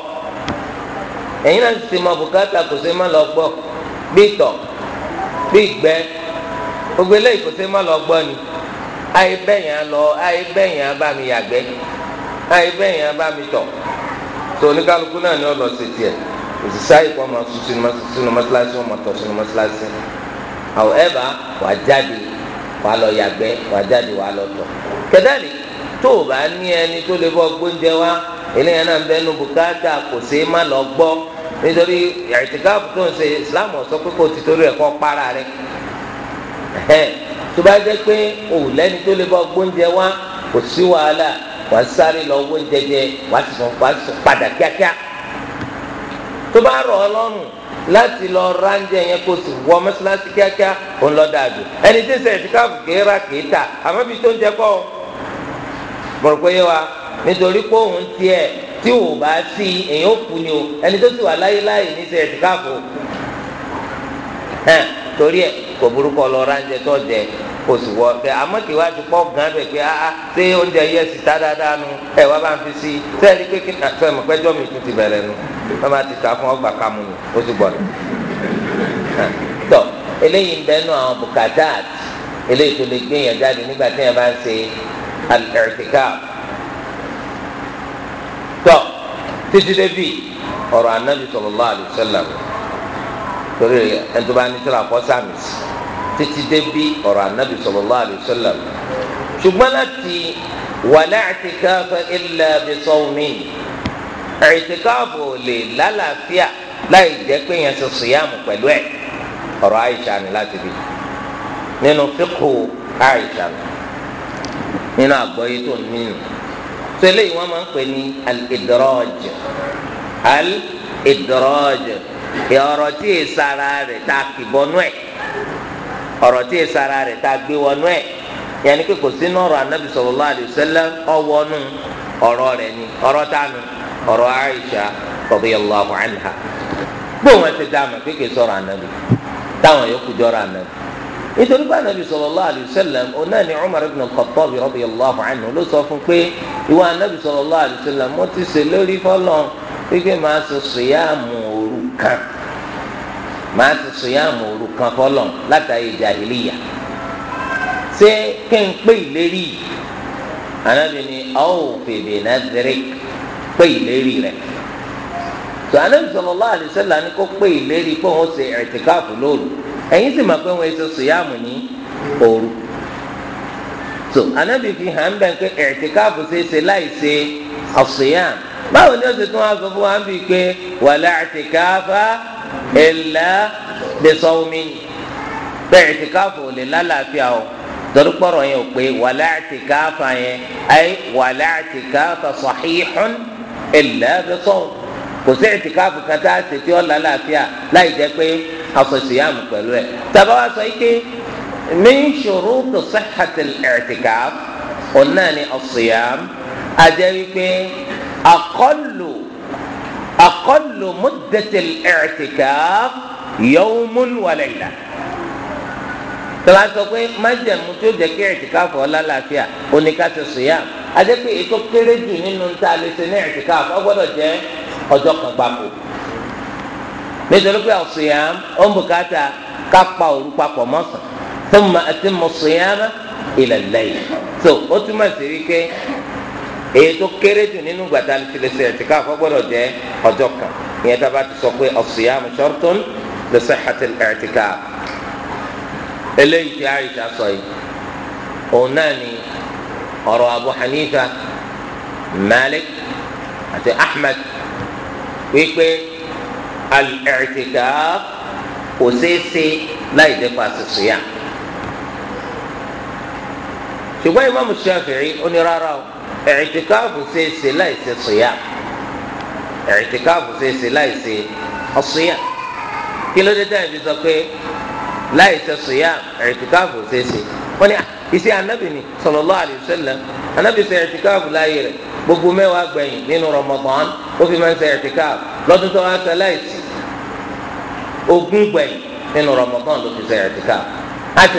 ẹ̀yin náà ti mọ bùkátà kò sí má lọ gbọ́ bí ìtọ̀ bí ìgbẹ́ gbogbo eléyìí kò sí má lọ gbọ́ ni àyè bẹ́yìn á lọ àyè bẹ́yìn á bá mi yàgbẹ́ àyè bẹ́yìn á bá mi tọ̀ tó oníkálukú náà ni ó lọ sí tiẹ̀ òṣìṣẹ́ àyè kan máa sùn sínú mọ́ṣáláṣí wọn tọ̀ sínú mọ́ṣáláṣí however wàá jáde wàá lọ yàgbẹ́ wàá jáde wàá lọ tọ̀ kẹdàlí tó o bá ní ẹni tó lè bọ́ gbóúnjẹ wá eléyàn náà ń bẹ nu bùkátà kò sí má lọ gbọ́ nítorí ìtìkáàbù tó ń ṣe Islam sọ pé kò ti torí ẹ̀ para rẹ̀ tó bá jẹ́ pé o lẹ́ni tó lè bọ́ gbóúnjẹ wá kò sí wàhálà wàá sáré lọ wóúnjẹ jẹ wàá sì sùn padà kíákíá tó bá rọ̀ ọ́ lọ́rùn láti lọ ránjẹ yẹn kó sì wọ mọ́sálásí kíákíá òun lọ dáa ẹni tí sẹ ìtìkáàfù kéèrà tó ń jẹ wa nítorí pé òun tiẹ̀ tí ò bá sí èyàn ni o ẹni tó sì wà ní sẹ kò sì wọ ọbẹ àmọ́ kì wá ti pọ gan bẹ pé ah, ah ṣé oúnjẹ yẹ sì ta dáadáa nu ẹ wá bá ń fi sí sẹẹri pé kí fẹ mọ pẹjọ mi tún ti bẹ̀rẹ̀ nu wọn bá ti ta fún ọgbà pamọ nù ó sì gbọ́dọ̀ tọ eléyìí ń bẹnu àwọn bùkátà eléyìí tó lè gbé yẹn jáde nígbà tí yẹn bá ń ṣe alẹ́rìkíkà tọ títí débi ọ̀rọ̀ anábì sallallahu alaihi wasallam torí ẹni tó bá ní tó lọ àkọ sáàmì sí i títí débi ọ̀rọ̀ anabi sallallahu alaihi wasallam ṣùgbọ́n láti wala i'tikafa illa bi sawmin i'tikafu lè lálàáfíà láì jẹ́ pé yẹn ti sùyàmù pẹ̀lú ẹ̀ ọ̀rọ̀ àìsàn ni láti bí nínú fíkù àìsàn nínú àgbọ́yé tó nínú tẹ́lẹ̀ yìí máa ń pè ní al-idraj al tí èsì ara rẹ̀ ta kìbọnú ẹ̀ ọ̀rọ̀ tí ìsara rẹ̀ tá a gbé wọnú ẹ̀ yẹnni pé kò sínú ọ̀rọ̀ anabi sallallahu alaihi wasallam ọwọ́nú ọ̀rọ̀ rẹ̀ ni ọ̀rọ̀ tánu ọ̀rọ̀ Aisha radiyallahu anha gbóhùn ẹsẹ̀ dáàmú kéèké sọ̀rọ̀ anabi táwọn yòókù jọ̀rọ̀ anabi nítorí pé anabi sallallahu alaihi wasallam ọ̀nà ni Umar ibn al-Khattab radiyallahu anhu ló sọ fún pé ìwọ anabi sọ màá ti sòyàmù òru kan fọlọ látàrí jàhílíyà ṣé kí n pé ìlérí anabi ni aw fèbè náà dẹrẹ pé ìlérí rẹ tó anabi sallallahu alaihi wasallam ni kó pé ìlérí pé òun ṣe ẹtìkáàfù lóru ẹ̀yin sì máa pé wọn ṣe sòyàmù ní òru tó anabi fi hàn bẹ́ẹ̀ pé ẹtìkáàfù ṣe ṣe láì ṣe àṣòyàmù báwo ni oṣù tí wọn sọ fún wa ń bì pé wàlẹ́ àtìkáfà ẹ̀là bẹ̀sọ̀wọ́mí bẹ́ẹ̀ àtìkáfà ò lè lálàáfíà o torí pọ̀rọ̀ yẹn ò pé wàlẹ́ àtìkáfà yẹn ayé wàlẹ́ àtìkáfà sọ̀híhùn ẹ̀là bẹ̀sọ̀wọ́mí kò sí àtìkáfà kan tá a ṣe lálàáfíà láì jẹ́ pé asọ̀síyàmù pẹ̀lú ẹ̀ tàbá wa sọ ike min shurutu sihhatil i'tikaf ọ̀nà ni as-siyam ajẹ́ أقل أقل مدة الاعتكاف يوم وليلة tọ́lá sọ pé májẹ̀mú tó jẹ́ kí ẹ̀tìkáfù ọ̀la làáfíà oníkàtí sùyàm adépé ètò kéré jù nínú tá a lè ṣe ní ẹ̀tìkáfù ọgbọ́dọ̀ jẹ́ ọjọ́ kan gbapò nítorí pé sùyàm ó ń bùkátà ká pa òru papọ̀ mọ́sàn-án tó mọ àti ilẹ̀ lẹ́yìn tó ó túmọ̀ sí wípé èyí tó kéré jù nínú gbàtà ìfilẹsẹ ẹtìká àfọgbọdọ jẹ ọjọ́ kan ìyẹn tá a bá ti sọ pé as-siyam shartun li sihhati al-i'tikaf eléyìí tí àyíṣà sọ yìí òun náà ni ọ̀rọ̀ Abu Hanifa Malik àti Ahmed wípé al-i'tikaf kò ṣeé láì dé pa as-siyam ṣùgbọ́n Imam Shafi'i ó ní rárá o ẹ̀ẹ́tìkáàfù ṣe é ṣe láì ṣe ṣìyà ẹ̀ẹ́tìkáàfù ṣe é ṣe láì ṣe ọ̀ṣìyà kí ló dé tẹ́ ẹ̀ fi sọ pé láì ṣe ṣìyà ẹ̀ẹ́tìkáàfù ṣe é ṣe wọ́n ní iṣẹ́ anábì ni sallallahu alaihi wasallam anábì ṣe ẹ̀ẹ́tìkáàfù láyé rẹ̀ gbogbo mẹ́wàá gbẹ̀yìn nínú Ramadan ó fi máa ń ṣe ẹ̀ẹ́tìkáàfù lọ́dún tó wá ṣe láìsí ogún gbẹ̀yìn nínú Ramadan ló fi ṣe ẹ̀ẹ́tìkáàfù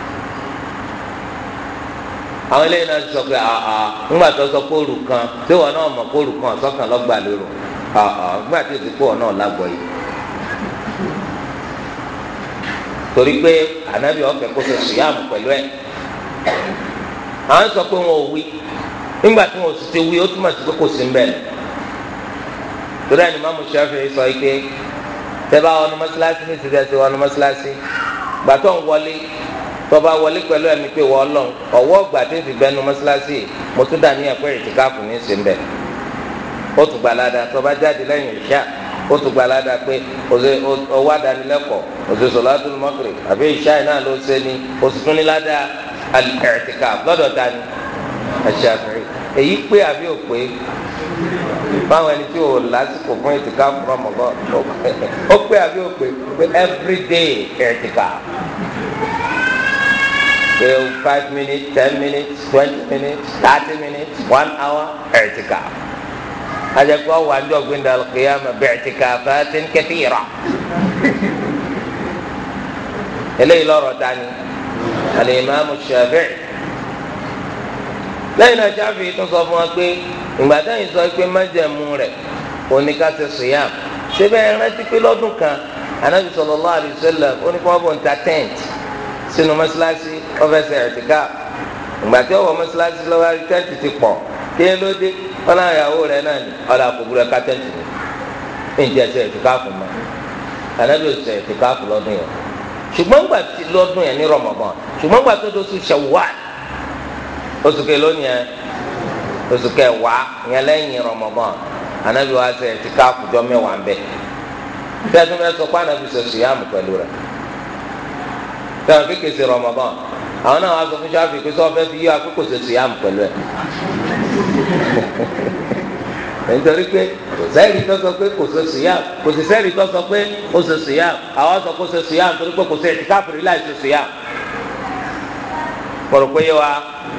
àwọn eléyìí náà sọ pé àà ah, ńgbà ah. tó sọ kóòrù kan ah, tí wọn náà mọ kóòrù kan sọkàn lọgbà lérò àà ńgbà tí òsì kóòrù náà lágbọ yìí. torí pé ànábì ọkẹ kó ṣe sùyàmù pẹ̀lú ẹ àwọn sọ pé wọn ò wí ńgbà tí wọn ò sì ti wí ó túmọ̀ sí pé kò sí mbẹ́ torí ẹni máa mú sẹ́fì sọ pé tẹ́ bá wọnú mọ́ṣáláṣí ní ti tẹ́ mọ́ṣáláṣí gbàtọ́ ń wọlé tọba wọlé pẹ̀lú ẹ̀mí pé wọ́n lọ ọwọ́ ọgbà tí ń fi bẹnu mọ́ṣáláṣí mo tún dà ní ẹ̀kọ́ ìtìkáàfù ní sí mbẹ́ ó tún gbà ládàá tọba jáde lẹ́yìn ìṣá ó tún gbà ládàá pé ọwọ́ àdánilẹ́kọ̀ọ́ òṣè sọ̀látùl mọ́gírì àbí ìṣá iná ló ṣe ni ó sì tún ní ládàá ìtìkáàfù lọ́dọ̀ dání àṣàfihàn èyí pé àbí ò pé báwọn ẹni tí o lásìkò fún ìtìkáàfù rọmọgọ́ ó pé àbí ò pé everyday ìtìkáàfù pé five minutes ten minutes twenty minutes thirty minutes one hour ẹ̀ẹ́tìkà àjẹkọ́ wà ní ọ̀gbìn dàlùkìyà mà bẹ̀ ẹ̀ẹ́tìkà fẹ́ẹ́tì kẹfìrà eléyìí lọ́rọ̀ ta ni alimami shafi'i lẹ́yìn náà shafi'i tó sọ fún wa pé ìgbà táyìn sọ pé májẹ̀mú rẹ̀ oníkàtẹ́ sùyàm síbẹ̀ rántí pé lọ́dún kan anabi sallallahu alaihi wasallam onífọwọ́bọ̀ ń ta tẹ́ǹtì. sínú mọ́ṣáláṣí ọ̀fẹ́sẹ̀ ẹ̀tìká ìgbà tí mọ́ṣáláṣí lọ́wọ́ tẹ́ǹtì ti pọ̀ kí ló dé rẹ̀ náà ni tẹ́ǹtì ni ti ẹ̀sẹ̀ ẹ̀tìká fún ma ànábì ọ̀sẹ̀ ẹ̀tìká fún lọ́dún yẹn ṣùgbọ́n gbà tí lọ́dún yẹn ní Ramadan ṣùgbọ́n gbà tó doṣù tẹ̀wọ̀n kékeré ṣe Ramadan àwọn náà wàá sọ fún Ṣáfì pé sọ fẹ́ fi yí akókò ṣe sùyàmù pẹ̀lú ẹ̀ nítorí pé kò sẹ́ẹ̀rì tó sọ pé kò ṣe sùyàmù kò sì sẹ́ẹ̀rì tó sọ pé ó ṣe sùyàmù àwọn sọ kó ṣe sùyàmù torí pé kò ṣe ẹ̀tí káfíìrì láì ṣe sùyàmù. kọ̀rọ̀ pé wa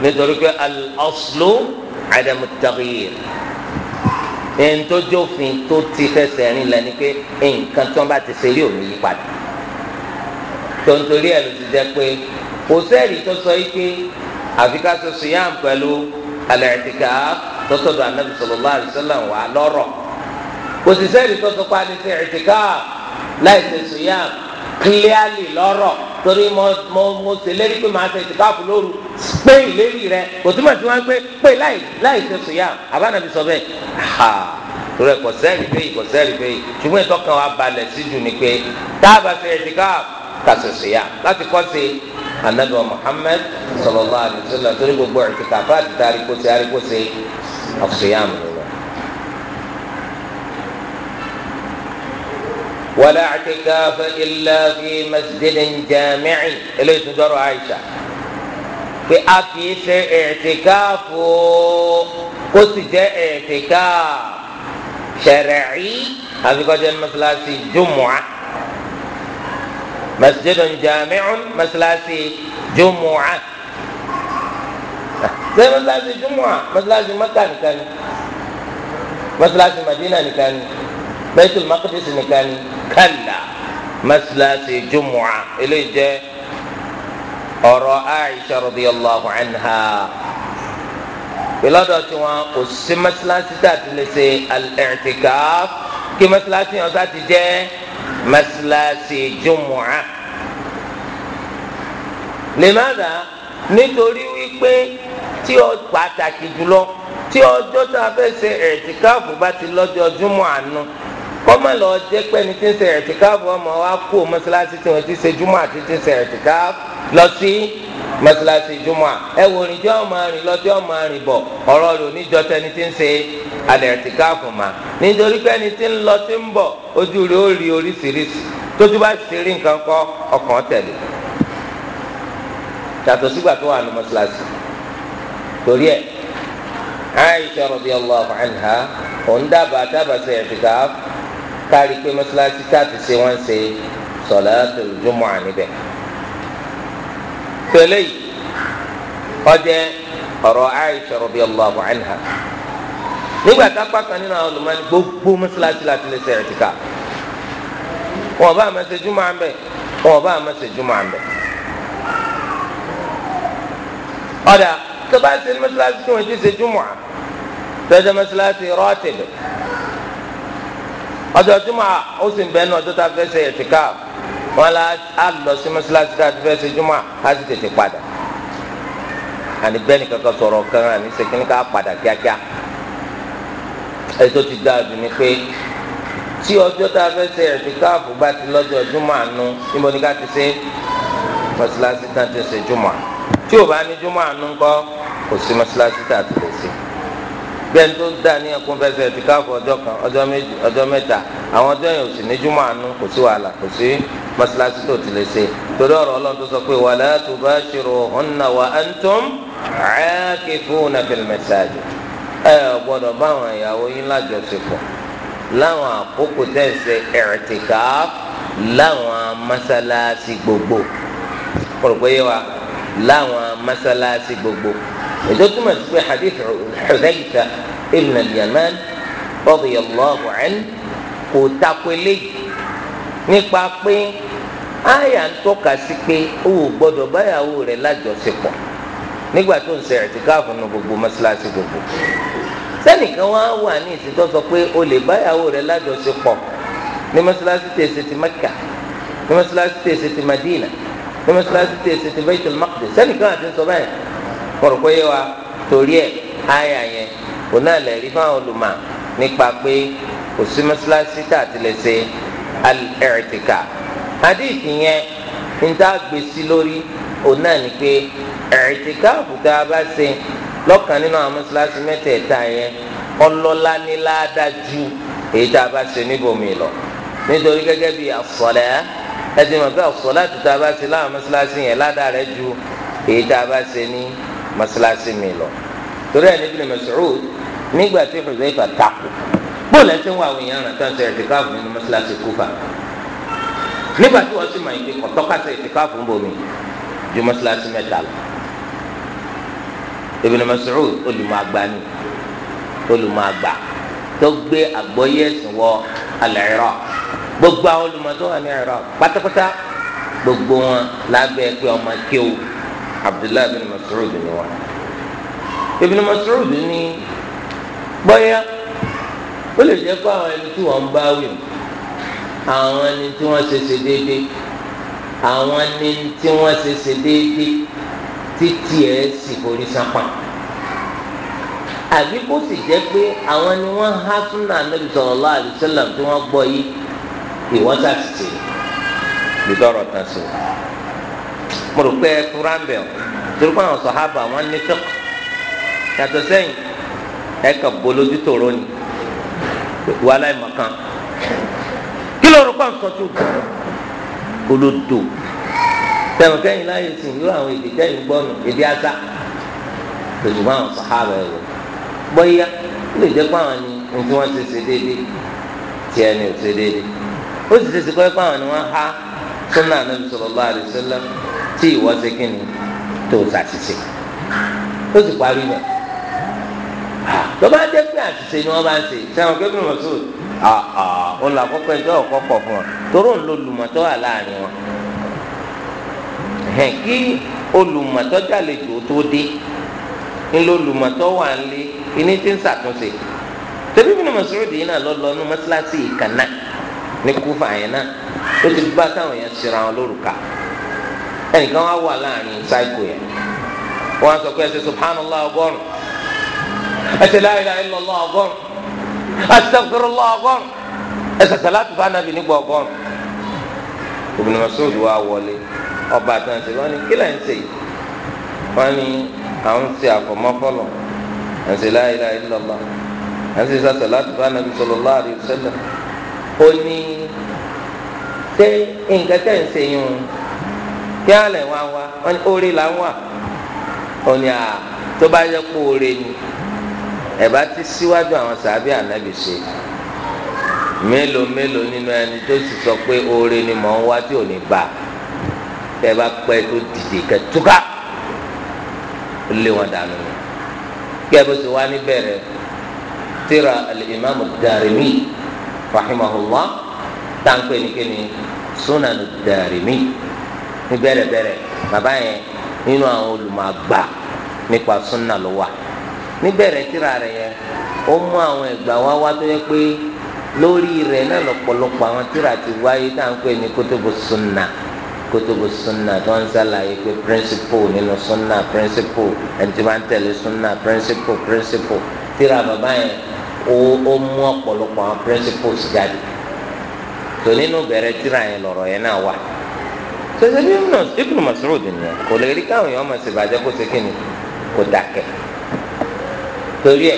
nítorí pé al-aslu adamu taghyir ẹ̀ńtọ́jọ́fin tó ti fẹsẹ̀ rìn lẹ́ni pé nǹkan tí wọ́n bá ti ṣe rí òun yí padà tontori ẹ̀ ló ti jẹ́ pé kò sẹ́ẹ̀rì tó sọ yìí pé àfi ká tó siyam pẹ̀lú al-i'tikaf tọ́sọ̀dọ̀ anabi sallallahu alaihi wasallam wà lọ́rọ̀ kò sì sẹ́ẹ̀rì tó sọ pé a ti ṣe i'tikaf láì ṣe siyam kílíàlì lọ́rọ̀ torí mo mo mo ṣe lérí pé màá ṣe i'tikaf lóru pé ìlérí rẹ kò túmọ̀ tí wọ́n pé pé láì láì ṣe siyam àbánabi sọ bẹ́ẹ̀ torí ẹ kò pé kò sẹ́ẹ̀rì pé ṣùgbọ́n ìtọ́kàn wa balẹ̀ síjú ni pé táàbà ṣe i'tikaf kásìsì yá láti kọ́ sí anabi wa sallallahu alaihi wasallam torí gbogbo ìtìkàfà àti tarikóse arikóse ọ̀sìyàmù nínú. wala i'tikafa illa fi masjidin jami'in eléyìí tún dọ́rọ̀ àyíṣà pé a kì í ṣe i'tikafu kó sì jẹ́ i'tikaf shar'i àfikọ́jẹ́ mọ́sálásí jùmùá. masjidun jami'un masalasi jumu'a ṣé masalasi jumu'a masalasi maka nìkan ni masalasi madina nìkan ni baitul maqdis nìkan ni kàlá masalasi jumu'a eléyìí jẹ ọ̀rọ̀ aisha radiyallahu anha ìlọ́dọ̀ tiwọn kò sí masalasi tá a ti lè ṣe al-i'tikaf kí masalasi yẹn ọ̀sá ti jẹ́ masilasi jumua lèmàdà nítorí wípé tí ó pàtàkì jùlọ tí ọjọ́ tá a fẹ́ ṣe ẹ̀ẹ́dìkáàfù bá ti lọ́jọ́ jumua nù. No kọ́mọ lọ jẹ́ pé ní tí ń ṣe ẹ̀tìkáàbù ọmọ wa kú mọ́ṣáláṣí tí wọ́n ti ṣe júmọ́ àti tí ń ṣe ẹ̀tìkáàbù lọ sí mọ́ṣáláṣí júmọ́ ẹ wò ní jọ́ máa rìn lọ jọ́ máa rìn bọ̀ ọ̀rọ̀ rẹ̀ oníjọ́ tẹni tí ń ṣe alẹ́ ẹ̀tìkáàbù mà nítorí pé ní tí ń lọ tí ń bọ̀ ojú rẹ̀ ó rí oríṣiríṣi tójú bá ti rí nǹkan kọ́ ọkàn tẹ̀lé yàtọ̀ tó wà ní kárí pé mọ́sálásí táàtì ṣe wọ́n ṣe sọ̀láàtù jumu'ah níbẹ̀. tẹ̀lé yìí ọjẹ́ ọ̀rọ̀ Aisha radiyallahu anha nígbà tápá kan nínú àwọn olùmọ̀ọ́ni gbogbo mọ́sálásí láti lè ṣe ẹ̀tìkà wọn bá àmọ́ ṣe jumu'ah àmbẹ̀ wọn bá àmọ́ ṣe àmbẹ̀. ọ̀dà tó bá ṣe mọ́sálásí tí wọ́n ti ṣe jumu'ah àtẹ́jọ́ ọjọ́ jùmọ̀ ó sì ń bẹ ní ọjọ́ tá a fẹ́ ṣe ẹ̀tìká wọn la á lọ sí mọ́ṣáláṣí tá a fẹ́ ṣe jùmọ̀ á sì tètè padà àní bẹ́ẹ̀ni kankan sọ̀rọ̀ kan àní sẹ́kìnì ká padà kíákíá èyí tó ti dáa dùn ní pé tí ọjọ́ tá a fẹ́ ṣe ẹ̀tìká bá ti lọ́jọ́ jùmọ̀ àánú níbo ni ká ti ṣe mọ́ṣáláṣí tá a ti ṣe jùmọ̀ tí ò bá ní jùmọ̀ àánú ńkọ́ kò sí mọ́ṣáláṣí tá a ti lè ṣe bẹ́ẹ̀ tó dá ní ẹkún fẹsẹ̀ ti káàbọ̀ ọjọ́ kan ọjọ́ méjì ọjọ́ mẹ́ta àwọn ọjọ́ yẹn ò sì ní júmọ̀ àánú kò sí wàhálà kò sí mọ́ṣáláṣí tó ti lè ṣe torí ọ̀rọ̀ ọlọ́run tó sọ pé wala tubashiruhunna wa antum aakifuna fil masajid ẹ gbọ́dọ̀ bá àwọn ìyàwó yín lájọṣepọ̀ láwọn àkókò tẹ̀sẹ̀ i'tikaf láwọn mọ́ṣáláṣí gbogbo kò rò pé wa láwọn mọ́sálásí gbogbo ètò túmọ̀ sí pé hadith Hudhayfa ibn al-Yaman radiyallahu anhu kò takò eléyìí nípa pé àyà ń tọ́ka sí pé o ò gbọ́dọ̀ báyàwó rẹ̀ lájọṣepọ̀ nígbà tó ń ṣe ẹ̀tìkáàfù nu gbogbo mọ́sálásí gbogbo sẹ́nìkan wá wà ní ìsìtọ́ sọ pé o lè báyàwó rẹ̀ lájọṣepọ̀ ní mọ́sálásí tẹ̀sí ti Mẹ́kà ní mọ́sálásí tẹ̀sí ti Madina ní mọ́sálásí tẹ̀ ṣe ti Baitul Maqdis sẹ́nìkan àti sọ báyìí mo rò pé yé wa torí ẹ̀ àyà yẹn kò náà lè rí fáwọn olùmọ̀ nípa pé kò sí mọ́sálásí tà ti lè ṣe al-i'tika yẹn ń tá a gbé sí lórí òun náà ni pé i'tika àbùtá bá ṣe lọ́kàn nínú àwọn mọ́sálásí mẹ́tẹ̀ẹ̀ta yẹn ọlọ́lá ní ládàá ju èyí tá a bá ṣe níbòmí lọ nítorí gẹ́gẹ́ bí as ẹsìn mọ̀ pé ọ̀sọ̀ láti tá a bá ṣe láwọn mọ́ṣáláṣí yẹn ládàá rẹ̀ ju èyí tá a bá ṣe ní mọ́ṣáláṣí mi lọ. torí ẹni Ibn Mas'ud nígbà tí Hudhayfa takò bóòlù ẹsẹ̀ ń wá àwọn èèyàn rẹ̀ tán ṣe ìtìkáàfù nínú mọ́ṣáláṣí Kúfà. nígbà tí wọ́n sì mọ̀ ìpè ọ̀tọ́kàṣe ìtìkáàfù ń bomi ju mọ́ṣáláṣí mẹ́ta lọ. Ibn Mas'ud olùmọ̀ àgbà ni olùmọ̀ àgbà tó gbé àgbọ́yé ẹ̀sìn wọ al-Iraq gbogbo àwọn olùmọ̀tò wà ní ẹ̀rọ pátápátá gbogbo wọn lábẹ́ pé ọmọ kéwù abdullahi bin masoud ni wọn ibn masoud ni bóyá ó lè jẹ́ pé àwọn ẹni tí wọ́n ń bá wì àwọn ẹni tí wọ́n ṣe ṣe déédéé àwọn ẹni tí wọ́n ṣe ṣe déédéé títí ẹ̀ sì forí sápá àbí kó sì jẹ́ pé àwọn ni wọ́n há súnà Ànábì sallallahu alaihi wasallam tí wọ́n gbọ́ yìí ìwọ́n ṣàtìtì ìdọ́rọ̀ tán sí mo rò pé ẹkúrá ń bẹ̀ ọ́ torí pé àwọn sọ̀hábà wọn ní fẹ́k yàtọ̀ sẹ́yìn ẹ kàn bolójú tòró ni wà láìmọ̀ kan kí ló rò pé àwọn sọ̀tún olódò tẹ̀wọ̀n kẹ́yìn láyé sìn irú àwọn èdè kẹ́yìn gbọ́nù èdè ata lòdùn fún àwọn sọ̀hábà ẹ̀ wò bọ́yá ó lè jẹ́ pé àwọn ni ohun tí ti ṣe déédéé tí ẹni ò ṣe déédéé ó sì ṣèṣe kọ́ ẹ̀kọ́ àwọn ni wọ́n há sunna anabi sallallahu alaihi wasallam tí ìwọ ṣe kí ni tó ṣàṣìṣe ó sì parí rẹ̀ lọ́ba jẹ́ pé àṣìṣe ni wọ́n bá ń ṣe sẹ́wọ̀n kébí mọ̀sùn òun là kọ́kọ́ ẹjọ́ ọ̀kọ́kọ̀ fún wọn toró ń lo olùmọ̀tọ́ wà láàrin wọn kí olùmọ̀tọ́ jàlejò tó dé ńlọ olùmọ̀tọ́ wà ń lé iní ń ṣàtúnṣe tẹ́bí bí mọ̀sùn òdì yìí náà lọ́ ìkànnà ní kúfà yẹn náà ó ti bá táwọn yẹn sira wọn lórúkà ẹnìkan wá wà láàrin ṣáìkò yẹn wọn sọ pé ẹ ṣe subhanallah ọgọ́rùn ẹ ṣe la ilaha illallah ọgọ́rùn astaghfirullah ọgọ́rùn ẹ ṣe salatu fa anabi nígbà ọgọ́rùn Ibn Mas'ud wa wọlé ọba àtàǹsẹ wọn ni kí lẹ́yìn ṣe wọn ni àwọn ṣe àfọmọ́fọ́lọ̀ ẹ ṣe la ilaha illallah ẹ ṣe salatu fa ó ní ṣé nǹkan tẹ̀ ń ṣe yún kí á lẹ̀ wá wá wọ́n ní oore là ń wà ó ní à tó bá yẹ kó oore ni ẹ̀ bá ti síwájú àwọn sàbí ànábì ṣe mélòó mélòó nínú ẹni tó sì sọ pé oore ni mò ń wá tí ò ní bá tẹ bá pẹ́ tó dìde kẹtùkà ó lé wọn dànù kí ẹ bó ti wá níbẹ̀rẹ̀ tíra al-Imam ad-Darimi rahimahullah táǹpé nìkéni sunanu darimi ní bẹ̀rẹ̀bẹ̀rẹ̀ bàbá yẹn nínú àwọn olùmọ̀gbà nípa sunna ló wà níbẹ̀rẹ̀ tíra rẹ̀ yẹn ó mú àwọn ẹ̀gbà wá wá tó yẹ pé lórí rẹ̀ náà lọ́pọ̀lọpọ̀ àwọn tíra ti wáyé táǹpé ní kótóbó sunna kótóbó sunna tó ń sàlàyé pé principle nínú sunna principle ẹni tí wọ́n ń sunna principle principle tíra bàbá yẹn ó ó mú ọ̀pọ̀lọpọ̀ àwọn principles jáde tó nínú bẹ̀rẹ̀ tíra yẹn lọ̀rọ̀ yẹn náà wà tẹsẹ bí Ibn Mas'ud nìyẹn kò lè rí káwọn èèyàn máa ṣe bàjẹ́ kó ṣe kíni kó dákẹ́ torí ẹ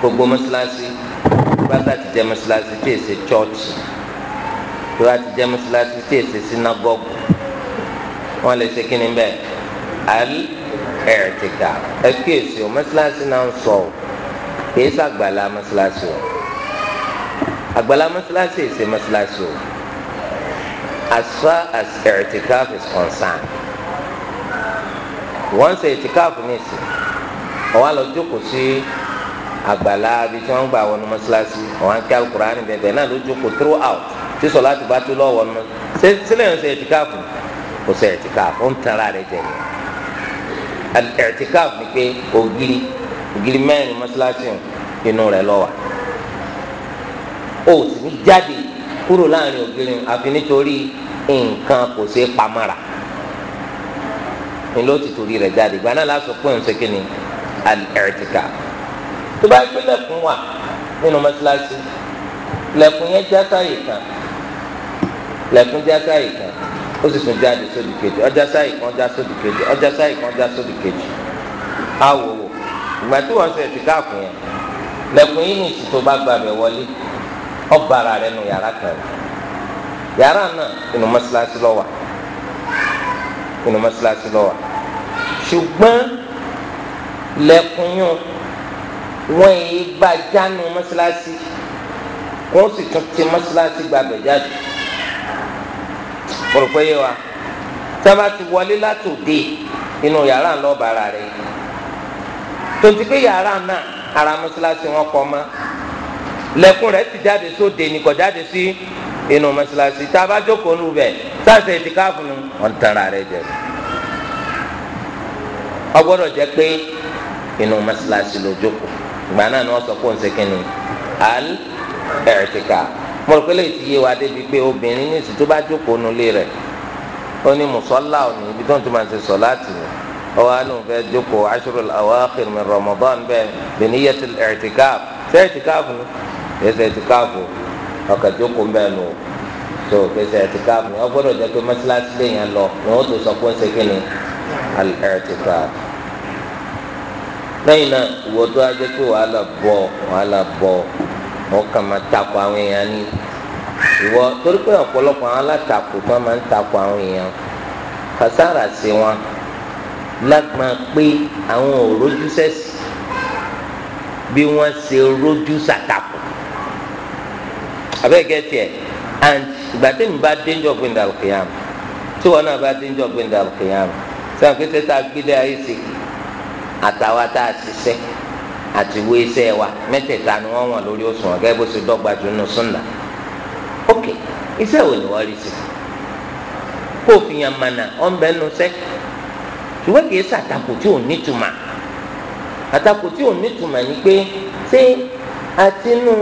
gbogbo mọ́ṣáláṣí bàtà ti jẹ́ mọ́ṣáláṣí tí èsè chọ́ọ̀chì tí wàá ti jẹ́ mọ́ṣáláṣí tí èsè sinagogu wọ́n lè ṣe kíni bẹ́ẹ̀ al-i'tikaf ẹ kíyèsí o mọ́ṣáláṣí náà ń sọ o kìí sọ àgbàlá mọ́sálásí o àgbàlá mọ́sálásí èsè mọ́sálásí o as far as i'tikaf is concerned wọ́n ṣe i'tikaf nìsí ọ̀wá lọ jókòó sí àgbàlá bíi tí wọ́n gbà wọnú mọ́sálásí ọ̀wọ́n kí alukur'an bẹ̀bẹ̀ náà ló jókòó throughout tí sọlá ti bá tó lọ́wọ́ nù sílẹ̀ ń ṣe i'tikaf kò ṣe i'tikaf ó ń tara rẹ̀ jẹ̀ ní i'tikaf ni pé ògiri ògiri mẹ́rin mọ́ṣáláṣí inú rẹ̀ lọ́wọ́ o sì ní jáde kúrò láàrin ògiri àfi nítorí nǹkan kò ṣeé pamọ́ra ni ló ti torí rẹ̀ jáde ìgbà náà láti pín in ṣèké ni al-i'tikaf tó bá gbé lẹ́kùn wà nínú mọ́ṣáláṣí lẹ́kùn yẹn já sáyè kan lẹ́kùn já sáyè kan ó sì tún jáde sódì kejì ọjà sáyè kan já sódì kejì ọjà sáyè kan já sódì kejì á wò wò ìgbà tí wọ́n ṣe ìtìkáàfù yẹn lẹ́kùn yìí nìyí tó bá gba bẹ̀ wọlé ọba ara rẹ̀ nù yàrá kan yàrá náà inú mọ́ṣáláṣí lọ́wọ́ inú mọ́ṣáláṣí lọ́wọ́ ṣùgbọ́n lẹ́kùn yìí wọ́n yìí gba jánu mọ́ṣáláṣí wọ́n sì tún ti mọ́ṣáláṣí gba bẹ̀ jáde mo rò pé yé wa tí ti wọlé látòdè inú yàrá ńlọ́ọ̀bà ara rẹ̀ yìí tonti pé yàrá náà ara mọ́sálásí wọn kọ́ mọ́ lẹ́kùn rẹ̀ ti jáde sóde ní kò jáde sí inú mọ́sálásí tá a bá jókòó nù bẹ̀ sáàsì ìtìkáàfù nù wọ́n tara rẹ̀ jẹ. ó gbọ́dọ̀ jẹ́ pé inú mọ́sálásí ló jókòó ìgbà náà ni wọ́n sọ pé ń al ẹ̀ẹ́tìkà mo rò pé lè ti yé wa débi pé obìnrin ní ìsìn tó bá jókòó nulẹ̀ rẹ̀ ó ní mùsọ́lá òní ibi tó ń tó máa ń ṣe sọ láti ní ọwọ́ àlùm fẹ́ jókòó ashurul awakhir min Ramadan bẹ́ẹ̀ biniyatul i'tikaf ṣé i'tikaf ni ẹsẹ̀ i'tikaf ọkà jókòó bẹ́ẹ̀ nù tó ẹsẹ̀ i'tikaf ni wọ́n gbọ́dọ̀ jẹ́ pé mọ́sálásí lèèyàn lọ ni wọ́n tó sọ pé ń ṣe kí ni al-i'tikaf lẹ́yìn náà ìwọ tó wàhálà bọ̀ wàhálà bọ̀ wọ́n kàn máa takò àwọn èèyàn ni ìwọ torí pé ọ̀pọ̀lọpọ̀ àwọn alátakò tó máa ń takò àwọn èèyàn kàsára sí wọn lágbọn pé àwọn ò rójú sẹ́sì bí wọ́n ṣe rójú sàtàkù abẹ́ẹ̀kẹ́ tiẹ̀ and ìgbà tí mi bá dénjọ́ gbẹ̀ndà àlùkìyàmù tí wọn náà bá dénjọ́ gbẹ̀ndà àlùkìyàmù sọ pé tẹ́tà gbélé ayé ṣe àtàwa tá a ṣiṣẹ́ àti wo iṣẹ́ wa mẹ́tẹ̀ẹ̀ta ni wọ́n wọ̀n lórí oṣù wọn gẹ́gẹ́ bó ṣe dọ́gba jù nínú sunna ok iṣẹ́ wo ni wọ́n rí sí kó o fi yan mana ọ̀nbẹ́nu sẹ́kù ìwé kìí ṣàtakò tí ò nítumà àtakò tí ò nítumà ni pé ṣé àtinú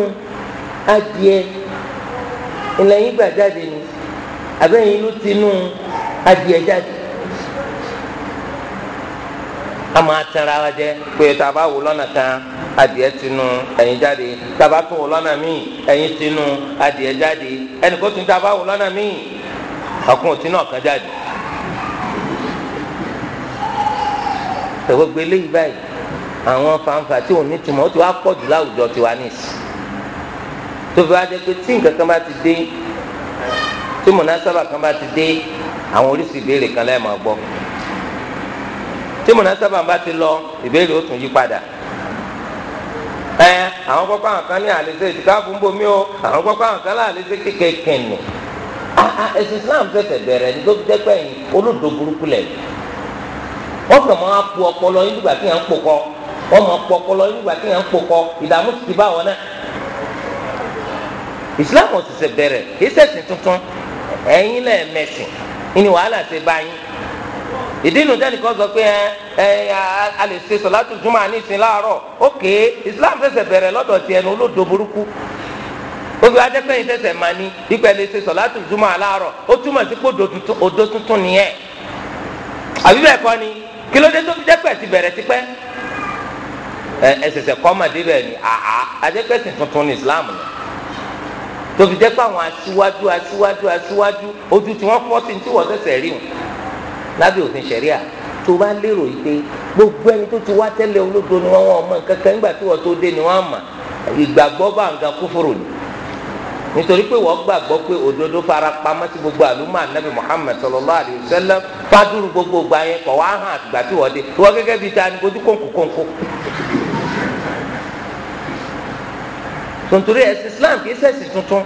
adìẹ ilẹ̀ yín gbà jáde ni àbẹ́yìn ló tinú adìẹ jáde a máa tẹnra wa jẹ pé tá a bá wò lọ́nà kan adìẹ tinú ẹyin jáde tá a bá tún wò lọ́nà míì ẹyin tinú adìẹ jáde ẹnì tún tá wò lọ́nà míì ọkùnrin tinú ọ̀kan jáde. gbogbo eléyìí báyìí àwọn fanfa tí ò ní túmọ̀ ó ti wá pọ̀ jù láwùjọ tiwa nísì tó fi wá jẹ́ pé tí nǹkan kan bá ti dé tí mọ̀nàsábà kan bá ti dé àwọn oríṣi ìbéèrè kan lẹ́ẹ̀ máa gbọ́ tí mọ̀nàsábà bá ti lọ ìbéèrè ó tún yí padà ẹ àwọn kọ́kọ́ àwọn kan ní àlejò ìdíkàfù ń bomi o àwọn kọ́kọ́ àwọn kan láàlejò kékeré kìnnì ah, ah, ẹ̀sìn Islam fẹsẹ̀ bẹ̀rẹ̀ ní tó fi jẹ́ pẹ́yìn olódò burúkú lẹ̀ yìí wọ́n fẹ́ máa po ọpọlọ yín nígbà tí yàn ń pò kọ́ wọ́n ọpọlọ yín nígbà tí yàn ń ìdààmú ti bá wọn náà. Islam ò ṣe bẹ̀rẹ̀ kì tuntun ẹ̀yin lẹ́ẹ̀mẹ̀sìn ni wàhálà ṣe bá yín ìdí inú jẹ́ nìkan sọ pé ẹ ẹ a lè ṣe sọ̀látù júmọ̀ ní ìsìn láàárọ̀ Islam bẹ̀rẹ̀ lọ́dọ̀ olódo burúkú kí ló dé tó fi dẹ́pẹ́ ti bẹ̀rẹ̀ tipẹ́ ẹ ẹsẹsẹ kọ́mọdé bẹ́ẹ̀ ni àhá adẹ́pẹ́sìn tuntun ní Islam ni tó fi dẹ́pẹ́ àwọn aṣíwájú aṣíwájú aṣíwájú ojú tí wọ́n fọ́ sí ní tí wọ́n sẹ̀sẹ̀ rí wọn lábẹ́ òfin ṣẹ̀ríà tó bá lérò yìí pé gbogbo ẹni tó ti wá tẹ́lẹ̀ olódo ni wọ́n wọ́n mọ̀ kankan nígbà tí wọ́n tó dé ni wọ́n mọ̀ ìgbàgbọ́ bá nǹkan kúfòrò ni nítorí pé wọ́n gbàgbọ́ pé òdodo fara pamọ́ sí gbogbo àlùmọ́ ànábì Muhammad sallallahu alayhi wa sallam gbogbo gba yẹn kọ̀ wá hàn àtìgbà tí wọ́n dé wọ́n gẹ́gẹ́ bíi ta ni ojú kónkó kónkó. esi ẹ̀sìn Islam kì í ṣẹ̀sìn tuntun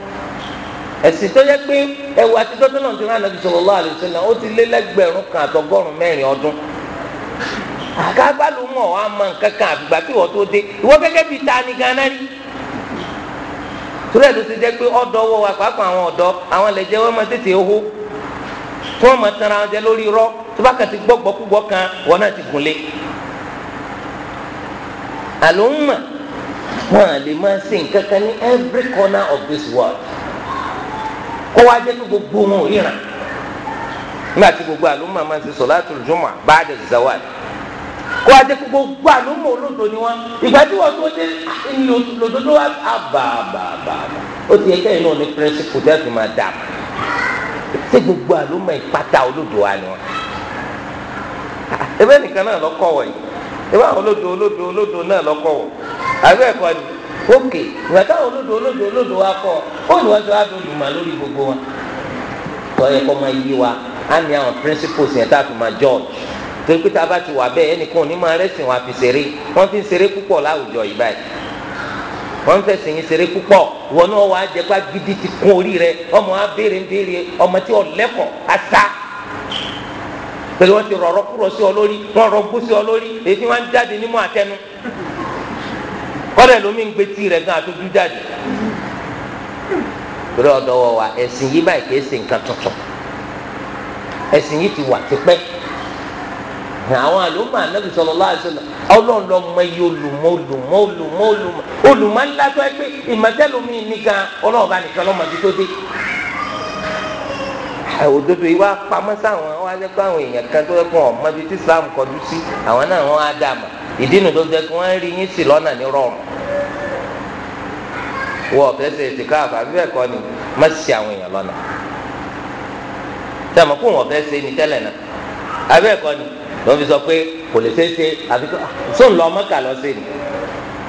ẹ̀sìn tó yẹ pé ẹ̀wù àti dọ́dún náà ti rán ànábì sallallahu alayhi wa ó ti lé lẹ́gbẹ̀rún kan àtọgọ́rùn mẹ́rin ọdún wa àtìgbà tí wọ́n tó dé gẹ́gẹ́ bíi ta ni ganan torí ẹ̀ ló ti jẹ́ pé ọ̀dọ́ wọ wa pàápàá àwọn ọ̀dọ́ àwọn lè jẹ́ máa tètè hó kí wọ́n máa tanra wọn lórí irọ́ tó bá kàn ti gbọ́ gbọ́kúgbọ́ kan wọn náà ti gùn lé. àlòmà wọn à lè máa ṣe nǹkan kan ní every corner of this world kó wá jẹ́ pé gbogbo wọn ò ríran nígbà tí gbogbo àlòmà máa ń ṣe solatul jumu'ah ba'da zawal kó adé gbogbo àlómọ olódo ni wọn ìgbà tí wọn tó dé lòdòdó wa àbàbàbà ó ti yẹ kẹyìn náà ní pírẹsìpù dẹ́kun máa dà mọ́ ṣé gbogbo àlómọ ìpátá olódo wa ni wọn. ebe nìkan náà lọ́kọ̀ wọ̀ yìí ebe àwọn olódo olódo olódo náà lọ́kọ̀ wọ̀ àbẹ́ ẹ̀kọ́ ni òkè ìgbà táwọn olódo olódo olódo wa kọ́ ó ní wọ́n ti wá dùn mà lórí gbogbo wọn. tọ́ ẹ kọ́ máa yí wa á ní àwọn pírẹsìpù yẹn tá a fi máa jọ́ọ̀jì tó pé tá a bá ti wà bẹ́ẹ̀ ẹnìkan òní máa rẹ́sìn wọn àfi ṣeré wọ́n fi ń ṣeré púpọ̀ láwùjọ yìí báyìí wọ́n ń fẹ̀sìn yín ṣeré púpọ̀ wọn náà wàá jẹ́ pé agídí ti kún orí rẹ ọmọ wa béèrè ń béèrè ọmọ tí ò lẹ́kọ̀ọ́ asá pẹ̀lú wọn ti rọ̀rọ̀ kúrò sí ọ lórí wọn rọ̀ gbó sí ọ lórí èyí wọn jáde nímú àtẹnu kọ́dẹ̀ lómi ń gbé tí rẹ̀ gan àtúntú jáde torí ọ̀dọ̀ wọ̀ ẹ̀sìn yìí báyìí kì í ṣe nǹkan tuntun ẹ̀sìn yìí ti wà tipẹ́ àwọn àlùmọ́ anabi sallallahu alaihi wasallam ọlọ́run lọ mọ iye olùmọ̀ olùmọ̀ olùmọ̀ olùmọ̀ olùmọ̀ ńlá tó ẹgbẹ́ nìkan ọlọ́run bá nìkan lọ́mọ tó tó dé. òdodo yìí wá pamọ́ sáwọn wá jẹ́ pé àwọn èèyàn kan tó yẹ ọmọ bíi kọjú ló fi sọ pé kò lè ṣeéṣe àfi tó ah, ń lọ mọ́kà lọ sí ni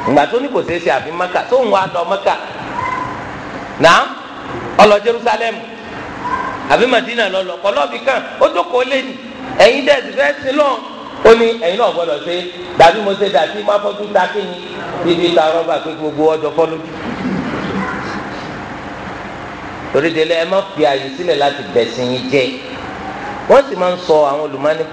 ìgbà tó ní kò ṣeéṣe àfi mọ́kà tó ń wá lọ mọ́kà náà ọlọ Jerusalem àfi Madina lọlọ kọlọ́ọ̀bì kan ó jókòó lé ní ẹ̀yin dẹ́sí fẹ́ sí lọ́n ó ní ẹ̀yin náà gbọ́dọ̀ ṣe dàbí mo ṣe dàbí má fọ́tún ta kí ni bíbí ta rọ́bà pé gbogbo ọjọ́ fọ́ lójú torí délé ẹ má fi àyè sílẹ̀ láti bẹ̀sìn yín jẹ́ wọ́n sì máa ń sọ àwọn olùmọ́ni.